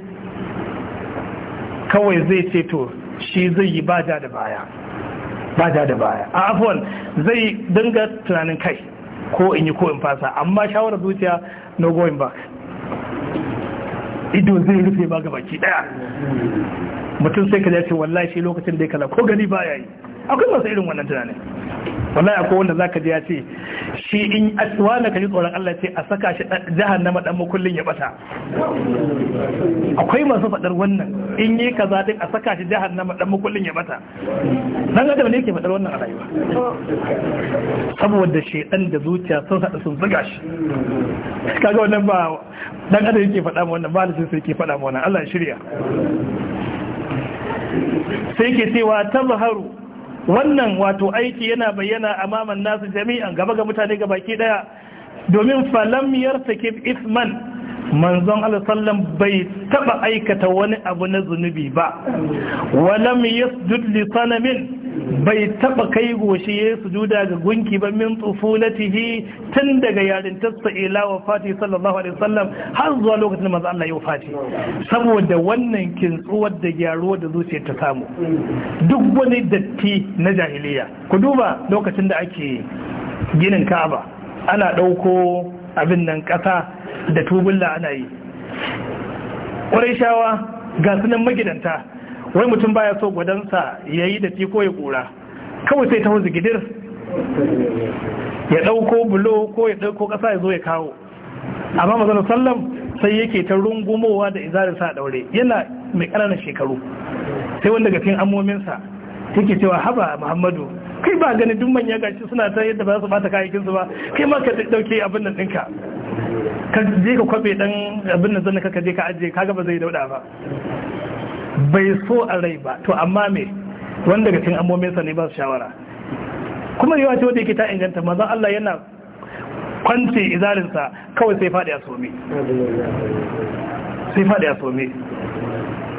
kawai zai ce to shi zai yi baja da baya baja da baya a afwan zai dinga tunanin kai ko in yi ko in fasa amma shawara zuciya no going back ido zai rufe ba ga baki daya mutum sai ka ce wallahi shi lokacin da ya kala ko gani baya yi akwai masu irin wannan tunanin wallahi akwai wanda zaka ji ya ce shi in wanda ka ji tsoron Allah ce a saka shi jahannama dan makullin ya bata akwai masu fadar wannan in yi kaza din a saka shi jahannama dan makullin ya bata dan adam ne yake fadar wannan a rayuwa saboda dan da zuciya sun hada sun zuga shi kaga wannan ba dan adam yake fada ma wannan ba lissin sai yake fada ma wannan Allah ya shirya sai ke cewa tazharu wannan wato aiki yana bayyana a maman nasu jami'an gaba ga mutane ga baki daya domin falam yartakib isman manzon alisallam bai taba aikata wani abu na zunubi ba walam yasjud li sanamin bai taba kai goshi ya sujuda ga gunki ba min tsufulatihi tun daga yarintarsa ila wa fati sallallahu alaihi wasallam har zuwa lokacin da manzon Allah ya fati saboda wannan kintsuwar da gyaruwa da zuciya ta samu duk wani datti na jahiliya ku duba lokacin da ake ginin Ka'aba ana dauko abin nan kasa da tubulla ana yi Ƙwarai shawa, ga sunan magidanta wai mutum baya so gwadansa ya yi da ko ya ƙura kawai sai ta wuzi gidir ya ɗauko bulo ko ya ɗauko ƙasa ya zo ya kawo amma mazana sallam sai yake ta rungumowa da izarin sa ɗaure yana mai ƙananan shekaru sai wanda ga amominsa take cewa haba muhammadu kai ba gani duk manya gashi suna ta yadda ba su bata kayakin su ba kai ma ka dauke abin nan ɗinka ka je ka kwabe dan abin nan zanna ka je ka ajiye kaga ba zai dauda ba bai so a rai ba to amma me wanda daga cikin sa ne ba su shawara kuma yawa ce wanda yake ta inganta manzo Allah yana kwance sa kawai sai faɗi a some sai faɗi a some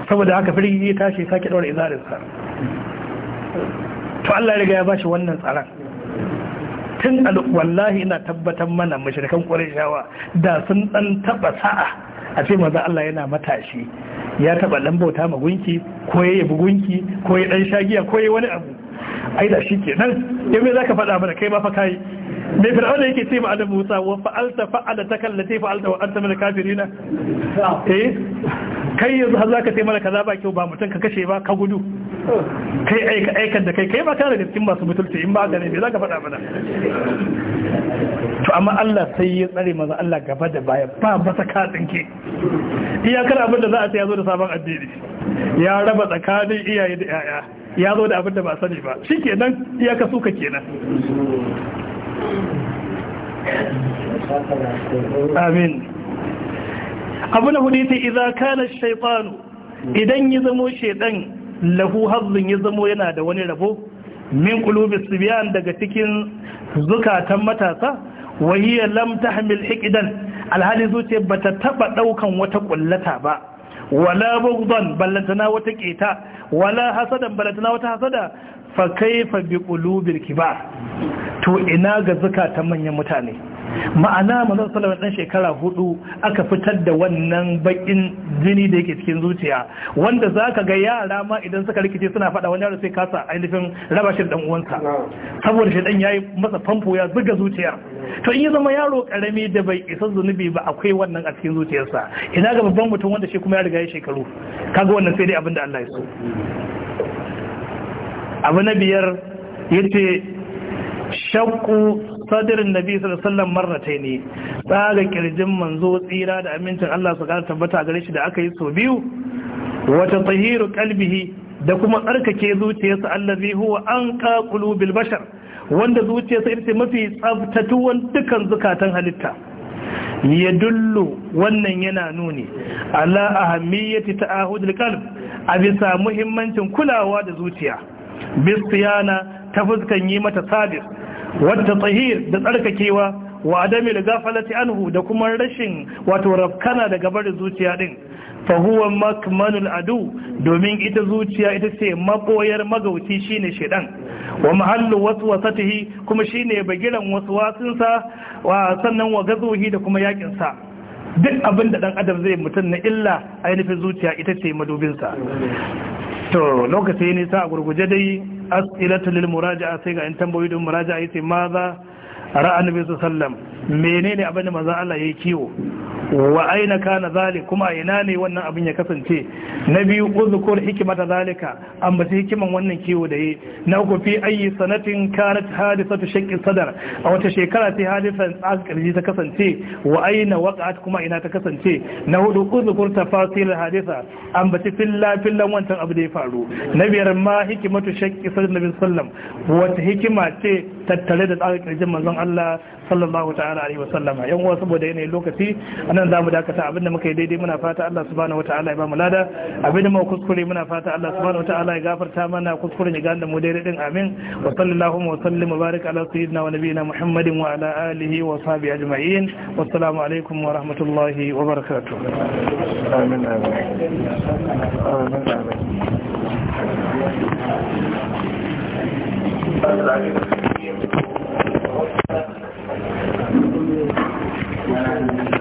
saboda haka firgi ya tashi sake izarin sa to Allah riga ya bashi wannan tsaron tun wallahi ina tabbatar mana mashirkan ƙwarishawa da sun ɗan taɓa sa'a a ce maza Allah yana matashi ya taɓa ɗan bauta ma gunki ko ya yabi gunki ko ya ɗan shagiya ko ya wani abu ai da shi ke nan yau mai za ka faɗa mana kai ma fa kayi mai fir'auna yake ce ma'ana musa wa fa'alta fa'ala ta kallace fa'alta wa anta min kafirina eh kai yanzu har ka ce mana kaza ba kyau ba mutum ka kashe ba ka gudu kai aikan da kai kai ba kare da cikin masu mutunci in ba gane mai me ka faɗa mana to amma Allah sai ya tsare maza Allah gaba da baya ba masa ka tsinke iyakar abin da za a ce ya zo da sabon addini ya raba tsakanin iyaye da yaya ya zo da abin da ba sani ba shi kenan iyaka suka kenan amin abu na hudu ta iza kana shaifanu idan ya zamo shaidan lahu hazzun yi zamo yana da wani rabo min kulubi biyan daga cikin zukatan matasa wahiyya lam hamil hikidan alhali zuce ba ta taba daukan wata kullata ba wala bugdan ballantana wata keta wala hasadan ballantana wata hasada fa kaifa bi qulubil kibar to ina ga zakatan manyan mutane ma'ana manzo sallallahu alaihi shekara hudu aka fitar da wannan bakin jini da yake cikin zuciya wanda zaka ga yara ma idan suka rikice suna fada wani yaro sai kasa ainihin raba shi dan uwansa saboda shi dan yayi masa famfo ya zuga zuciya, to in ya zama yaro karami da bai isa zunubi ba akwai wannan a cikin zuciyarsa ina ga babban mutum wanda shi kuma ya riga ya shekaru kaga wannan sai dai abin Allah ya so abu na biyar ya ce shakku sadirin nabi sallallahu alaihi wasallam ne tsaga kirjin manzo tsira da amincin Allah su kara tabbata gare shi da aka yi so biyu wata tahiru kalbihi da kuma tsarkake zuciyarsa allazi huwa an qaqulu bil bashar wanda zuciyarsa ita ce mafi tsaftatuwan dukan zukatan halitta ya dullu wannan yana nuni ala ahammiyati ta'ahudul kalb a bisa muhimmancin kulawa da zuciya bisiyana ta fuskan yi mata sabis wadda tsahir da tsarkakewa wa adami da gafalati anhu da kuma rashin wato rafkana da gabar zuciya din fa huwa makmanul adu domin ita zuciya ita ce maboyar magauci shine shedan wa mahallu waswasatihi kuma shine bagiran waswasinsa wa sannan wa gazuhi da kuma yakin sa duk abin da dan adam zai mutum na illa ainihin zuciya ita ce madubinsa to lokaci ne sa a gurguje dai as'ilatu lil muraja'a sai ga in tambayoyi don muraja'a yace maza ra'a nabi sallam menene abin da manzo Allah yayi kiwo wa aina kana zalik kuma ina ne wannan abin ya kasance na biyu uzkur hikmata zalika ambaci hikiman wannan kiwo da yi na uku fi ayi sanatin kanat hadisatu shaqqi sadar a wata shekara sai hadisan tsakarji ta kasance wa aina waqa'at kuma ina ta kasance na hudu uzkur tafasil hadisa ambaci filla fillan wannan abu da ya faru na biyar ma hikmatu shaqqi sallallahu alaihi sallam wata hikima ce tattare da tsarin ƙarshen manzon Allah sallallahu ta'ala alaihi wasallama yan uwa saboda yanayin lokaci anan za mu dakata abin da muka yi daidai muna fata Allah subhanahu wata'ala ya ba mu lada abin da muka kuskure muna fata Allah subhanahu wata'ala ya gafarta mana kuskuren ya gane mu daidai din amin wa sallallahu wa sallim mubarak ala sayyidina wa nabiyina Muhammadin wa ala alihi wa sahbihi ajma'in wassalamu alaikum wa rahmatullahi wa barakatuh amin amin amin amin Thank you. Thank you.